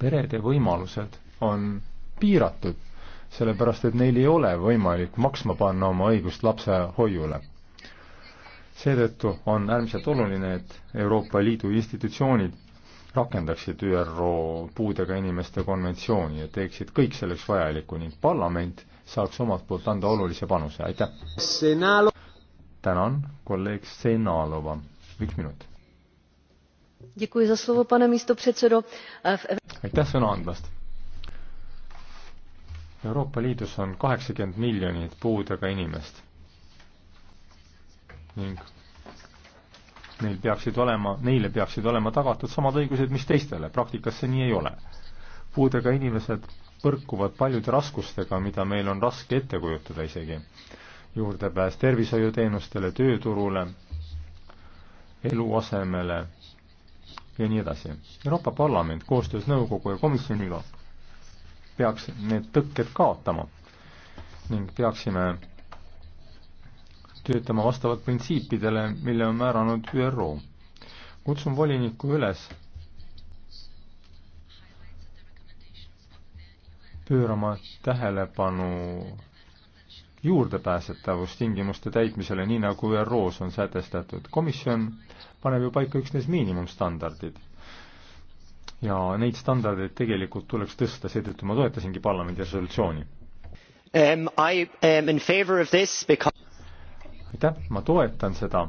perede võimalused on piiratud sellepärast et neil ei ole võimalik maksma panna oma õigust lapsehoiule. seetõttu on äärmiselt oluline, et Euroopa Liidu institutsioonid rakendaksid ÜRO puudega inimeste konventsiooni ja teeksid kõik selleks vajaliku ning parlament saaks omalt poolt anda olulise panuse, aitäh! tänan, kolleeg Senalova, üks minut. aitäh sõna andmast! Euroopa Liidus on kaheksakümmend miljonit puudega inimest ning neil peaksid olema, neile peaksid olema tagatud samad õigused, mis teistele, praktikas see nii ei ole. puudega inimesed põrkuvad paljude raskustega, mida meil on raske ette kujutada isegi. juurdepääs tervishoiuteenustele, tööturule, eluasemele ja nii edasi. Euroopa Parlament koostöös nõukogu ja komisjoniga peaks need tõkked kaotama ning peaksime töötama vastavalt printsiipidele, mille on määranud ÜRO. kutsun volinikku üles pöörama tähelepanu juurdepääsetavustingimuste täitmisele, nii nagu ÜRO-s on sätestatud. komisjon paneb ju paika üksnes miinimumstandardid ja neid standardeid tegelikult tuleks tõsta, seetõttu ma toetasingi parlamendi resolutsiooni um,. Because... aitäh, ma toetan seda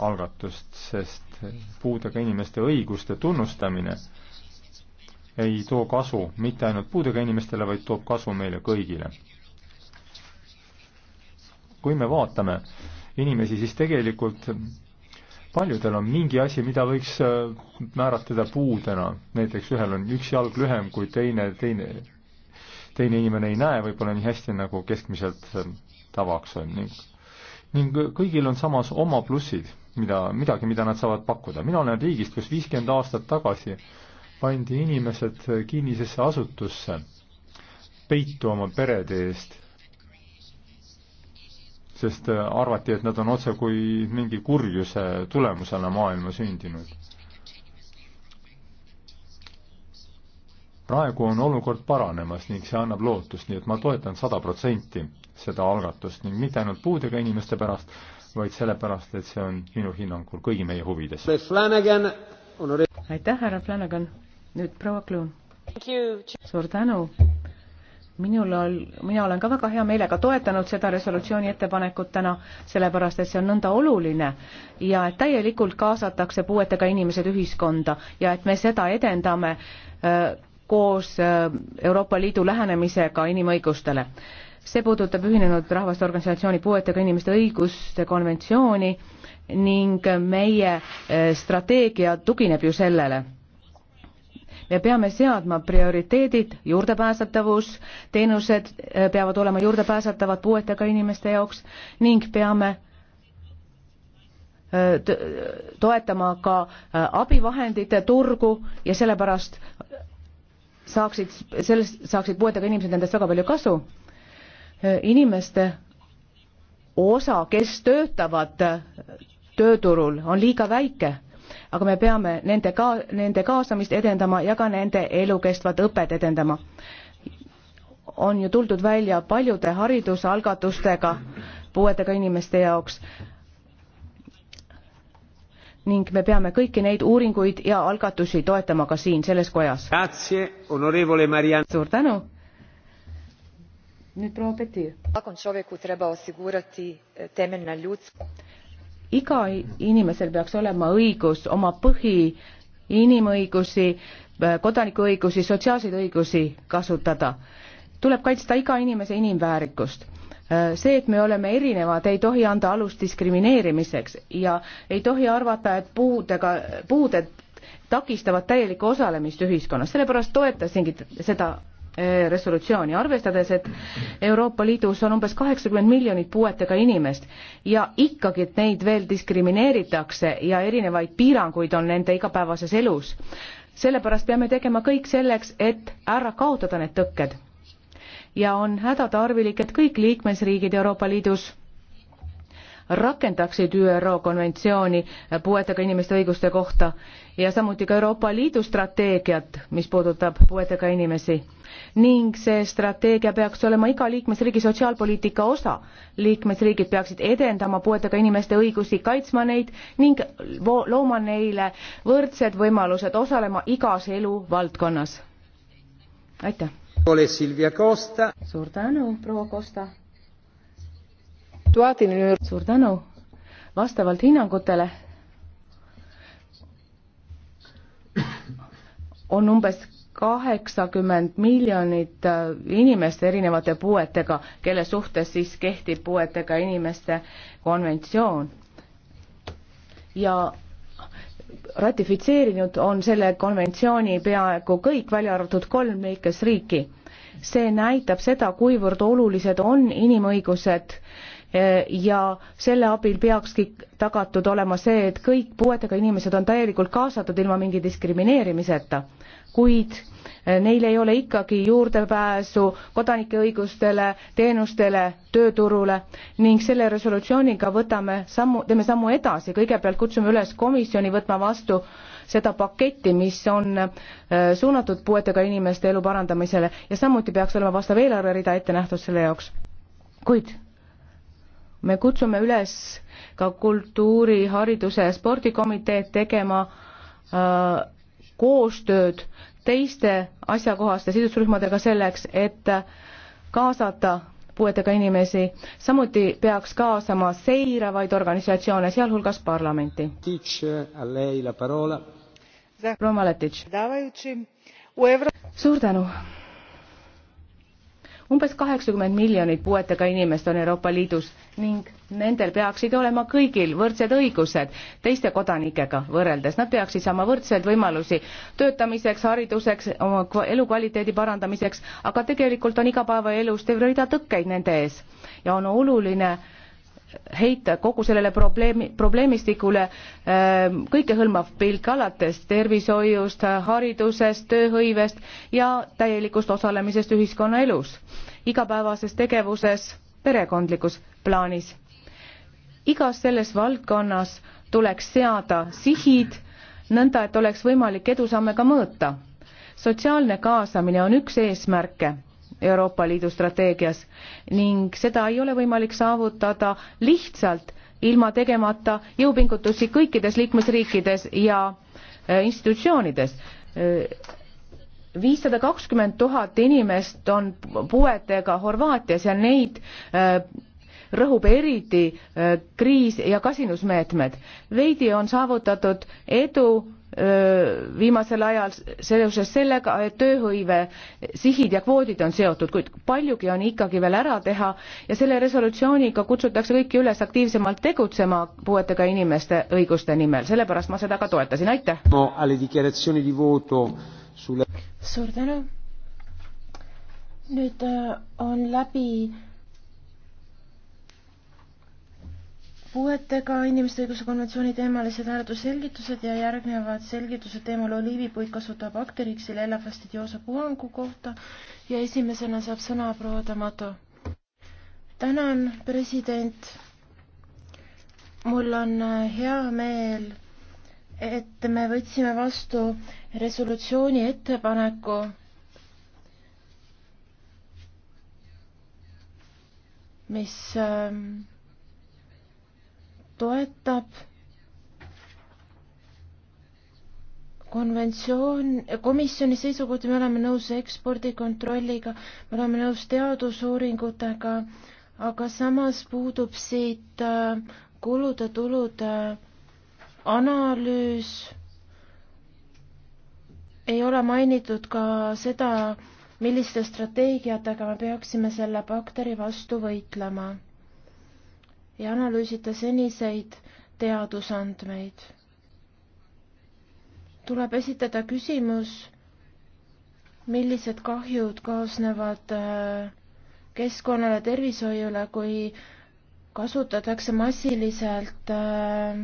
algatust, sest puudega inimeste õiguste tunnustamine ei too kasu mitte ainult puudega inimestele, vaid toob kasu meile kõigile. kui me vaatame inimesi, siis tegelikult paljudel on mingi asi, mida võiks äh, määratleda puudena, näiteks ühel on üks jalg lühem kui teine, teine, teine inimene ei näe võib-olla nii hästi, nagu keskmiselt äh, tavaks on ning, ning kõigil on samas oma plussid, mida, midagi, mida nad saavad pakkuda. mina olen riigist, kus viiskümmend aastat tagasi pandi inimesed kinnisesse asutusse peitu oma perede eest sest äh, arvati, et nad on otsekui mingi kurjuse tulemusena maailma sündinud. praegu on olukord paranemas ning see annab lootust, nii et ma toetan sada protsenti seda algatust ning mitte ainult puudega inimeste pärast, vaid sellepärast, et see on minu hinnangul kõigi meie huvides. aitäh, härra Flanagan, nüüd proua Kloon. suur tänu minul on, mina olen ka väga hea meelega toetanud seda resolutsiooni ettepanekut täna, sellepärast et see on nõnda oluline ja et täielikult kaasatakse puuetega inimesed ühiskonda ja et me seda edendame äh, koos äh, Euroopa Liidu lähenemisega inimõigustele. see puudutab Ühinenud Rahvaste Organisatsiooni puuetega inimeste õiguste konventsiooni ning meie äh, strateegia tugineb ju sellele me peame seadma prioriteedid, juurdepääsetavus, teenused äh, peavad olema juurdepääsetavad puuetega inimeste jaoks ning peame äh, toetama ka äh, abivahendite turgu ja sellepärast saaksid, sellest saaksid puuetega inimesed nendest väga palju kasu. inimeste osa, kes töötavad tööturul, on liiga väike aga me peame nende ka-, nende kaasamist edendama ja ka nende elukestvat õpet edendama. on ju tuldud välja paljude haridusalgatustega puuetega inimeste jaoks ning me peame kõiki neid uuringuid ja algatusi toetama ka siin selles kojas. suur tänu! nüüd proua Petir iga inimesel peaks olema õigus oma põhi inimõigusi, kodanikuõigusi, sotsiaalseid õigusi kasutada. tuleb kaitsta iga inimese inimväärikust see, et me oleme erinevad, ei tohi anda alust diskrimineerimiseks ja ei tohi arvata, et puudega, puuded takistavad täielikku osalemist ühiskonnas, sellepärast toetasingi seda Eh, resolutsiooni, arvestades, et Euroopa Liidus on umbes kaheksakümmend miljonit puuetega inimest ja ikkagi neid veel diskrimineeritakse ja erinevaid piiranguid on nende igapäevases elus. sellepärast peame tegema kõik selleks, et ära kaotada need tõkked. ja on hädatarvilik, et kõik liikmesriigid Euroopa Liidus rakendaksid ÜRO konventsiooni puuetega inimeste õiguste kohta ja samuti ka Euroopa Liidu strateegiat, mis puudutab puuetega inimesi. ning see strateegia peaks olema iga liikmesriigi sotsiaalpoliitika osa. liikmesriigid peaksid edendama puuetega inimeste õigusi, kaitsma neid ning looma neile võrdsed võimalused osalema igas eluvaldkonnas. aitäh! suur tänu, proua Costa! suur tänu. vastavalt hinnangutele on umbes kaheksakümmend miljonit äh, inimest erinevate puuetega, kelle suhtes siis kehtib puuetega inimeste konventsioon. ja ratifitseerinud on selle konventsiooni peaaegu kõik, välja arvatud kolm liikmesriiki. see näitab seda, kuivõrd olulised on inimõigused ja selle abil peakski tagatud olema see, et kõik puuetega inimesed on täielikult kaasatud ilma mingi diskrimineerimiseta, kuid neil ei ole ikkagi juurdepääsu kodanike õigustele, teenustele, tööturule ning selle resolutsiooniga võtame sammu, teeme sammu edasi, kõigepealt kutsume üles komisjoni võtma vastu seda paketti, mis on äh, suunatud puuetega inimeste elu parandamisele ja samuti peaks olema vastav eelarverida ette nähtud selle jaoks. kuid me kutsume üles ka kultuuri, hariduse ja spordikomiteed tegema äh, koostööd teiste asjakohaste sidusrühmadega selleks, et kaasata puuetega inimesi, samuti peaks kaasama seiravaid organisatsioone, sealhulgas parlamenti. proua Maletic. suur tänu umbes kaheksakümmend miljonit puuetega inimest on Euroopa Liidus ning nendel peaksid olema kõigil võrdsed õigused teiste kodanikega võrreldes. Nad peaksid saama võrdseid võimalusi töötamiseks, hariduseks, oma elukvaliteedi parandamiseks, aga tegelikult on igapäevaelus terve rida tõkkeid nende ees ja on oluline äh, heita kogu sellele probleemi, probleemistikule ähm, kõikehõlmav pilk alates tervishoiust, haridusest, tööhõivest ja täielikust osalemisest ühiskonnaelus, igapäevases tegevuses, perekondlikus plaanis. igas selles valdkonnas tuleks seada sihid, nõnda et oleks võimalik edusamme ka mõõta. sotsiaalne kaasamine on üks eesmärke Euroopa Liidu strateegias ning seda ei ole võimalik saavutada lihtsalt ilma tegemata jõupingutusi kõikides liikmesriikides ja äh, institutsioonides. Äh, viissada kakskümmend tuhat inimest on puuetega Horvaatias ja neid äh, rõhub eriti kriis ja kasinusmeetmed. veidi on saavutatud edu viimasel ajal seoses sellega, et tööhõive sihid ja kvoodid on seotud, kuid paljugi on ikkagi veel ära teha ja selle resolutsiooniga kutsutakse kõiki üles aktiivsemalt tegutsema puuetega inimeste õiguste nimel, sellepärast ma seda ka toetasin, aitäh no,! Sulle... suur tänu! nüüd äh, on läbi puuetega inimeste õiguse konventsiooni teemalised hääletusselgitused ja järgnevad selgitused teemal oliivipuid kasutab akteriksil Ella fastidiosa puhangu kohta ja esimesena saab sõna proua Tamato. tänan, president. mul on äh, hea meel, et me võtsime vastu resolutsiooni ettepaneku mis äh, toetab konventsioon, komisjoni seisukohti, me oleme nõus ekspordikontrolliga, me oleme nõus teadusuuringutega, aga samas puudub siit äh, kulude-tulude äh, analüüs. ei ole mainitud ka seda, milliste strateegiatega me peaksime selle bakteri vastu võitlema ja analüüsida seniseid teadusandmeid. tuleb esitada küsimus, millised kahjud kaasnevad äh, keskkonnale, tervishoiule, kui kasutatakse massiliselt äh,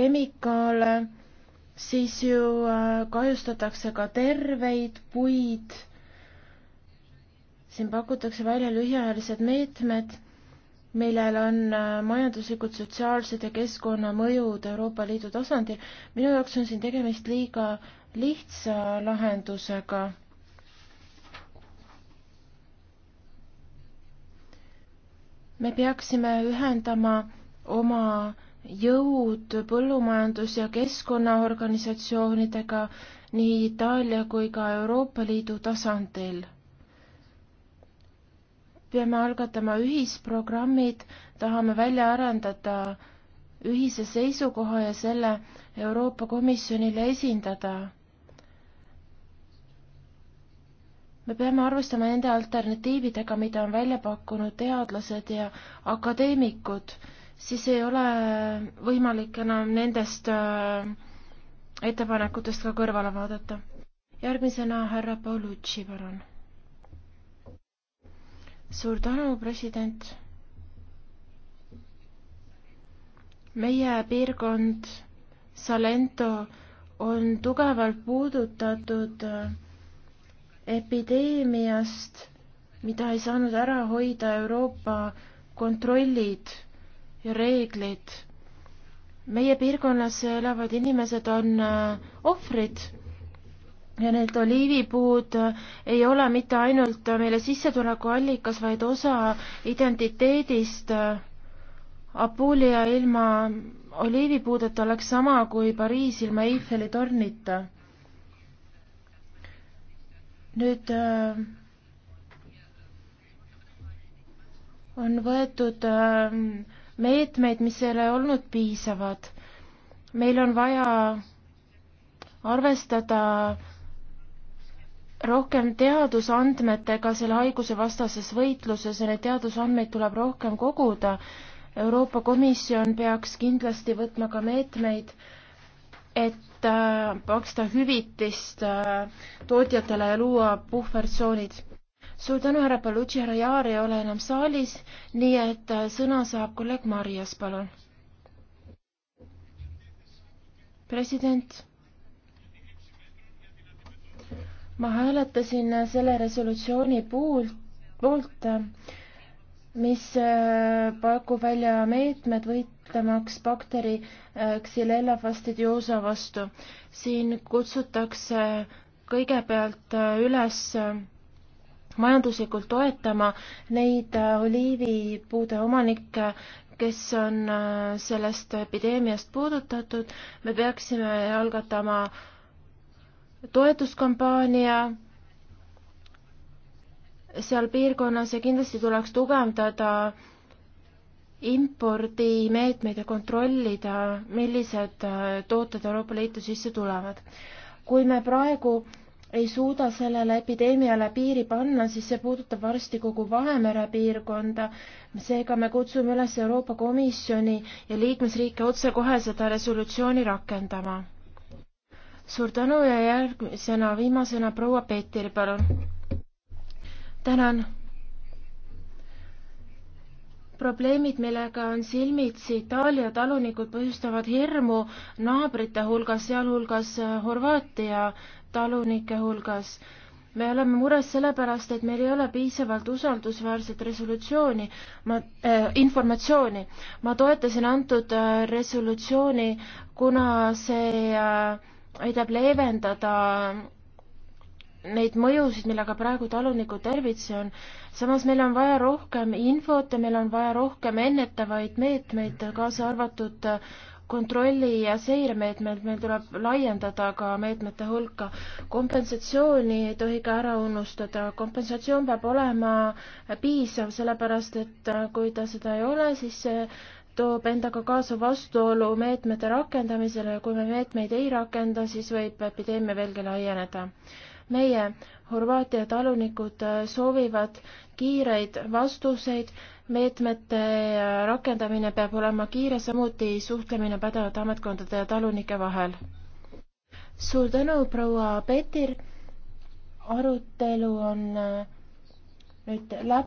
kemikaale, siis ju äh, kahjustatakse ka terveid puid siin pakutakse välja lühiajalised meetmed, millel on äh, majanduslikud, sotsiaalsed ja keskkonnamõjud Euroopa Liidu tasandil. minu jaoks on siin tegemist liiga lihtsa lahendusega. me peaksime ühendama oma jõud põllumajandus- ja keskkonnaorganisatsioonidega nii Itaalia kui ka Euroopa Liidu tasandil peame algatama ühisprogrammid, tahame välja arendada ühise seisukoha ja selle Euroopa Komisjonile esindada. me peame arvestama nende alternatiividega, mida on välja pakkunud teadlased ja akadeemikud, siis ei ole võimalik enam nendest äh, ettepanekutest ka kõrvale vaadata. järgmisena härra Paulucci, palun suur tänu, president. meie piirkond Salento on tugevalt puudutatud äh, epideemiast, mida ei saanud ära hoida Euroopa kontrollid ja reeglid. meie piirkonnas elavad inimesed on äh, ohvrid ja need oliivipuud äh, ei ole mitte ainult äh, meile sissetulekuallikas, vaid osa identiteedist. Äh, Apulia ilma oliivipuudeta oleks sama kui Pariis ilma Eiffeli tornita. nüüd on võetud meetmeid, mis ei ole olnud piisavad. meil on vaja arvestada rohkem teadusandmetega selle haiguse vastases võitluses ja neid teadusandmeid tuleb rohkem koguda. Euroopa Komisjon peaks kindlasti võtma ka meetmeid, et äh, maksta hüvitist äh, tootjatele ja luua puhvertsoonid. suur tänu, härra Palutši, härra Jaar ei ole enam saalis, nii et äh, sõna saab kolleeg Marias, palun. president ma hääletasin selle resolutsiooni poolt, poolt, mis äh, pakub välja meetmed võitlemaks bakteri Xylella äh, fastidiosa vastu. siin kutsutakse kõigepealt äh, üles majanduslikult toetama neid oliivipuude omanikke, kes on sellest epideemiast puudutatud, me peaksime algatama äh, toetuskampaania seal piirkonnas ja kindlasti tuleks tugevdada impordimeetmeid ja kontrollida, millised äh, tooted Euroopa Liitu sisse tulevad. kui me praegu ei suuda sellele epideemiale piiri panna, siis see puudutab varsti kogu Vahemere piirkonda. seega me kutsume üles Euroopa Komisjoni ja liikmesriike otsekohe seda resolutsiooni rakendama suur tänu ja järgmisena, viimasena proua Peeter, palun. tänan. probleemid, millega on silmitsi Itaalia talunikud, põhjustavad hirmu naabrite hulgas, sealhulgas Horvaatia talunike hulgas me oleme mures sellepärast, et meil ei ole piisavalt usaldusväärset resolutsiooni, ma äh,, informatsiooni. ma toetasin antud äh, resolutsiooni, kuna see äh, aitab leevendada neid mõjusid, millega praegu talunikud tervitsi on. samas meil on vaja rohkem infot ja meil on vaja rohkem ennetavaid meetmeid, kaasa arvatud kontrolli ja seiremeetmed, meil tuleb laiendada ka meetmete hulka. kompensatsiooni ei tohi ka ära unustada, kompensatsioon peab olema piisav, sellepärast et kui ta seda ei ole, siis see toob endaga kaasa vastuolu meetmete rakendamisele ja kui me meetmeid ei rakenda, siis võib epideemia veelgi laieneda. meie, Horvaatia talunikud, soovivad kiireid vastuseid, meetmete rakendamine peab olema kiire, samuti suhtlemine pädevate ametkondade ja talunike vahel. suur tänu, proua Petir, arutelu on äh, nüüd läbi.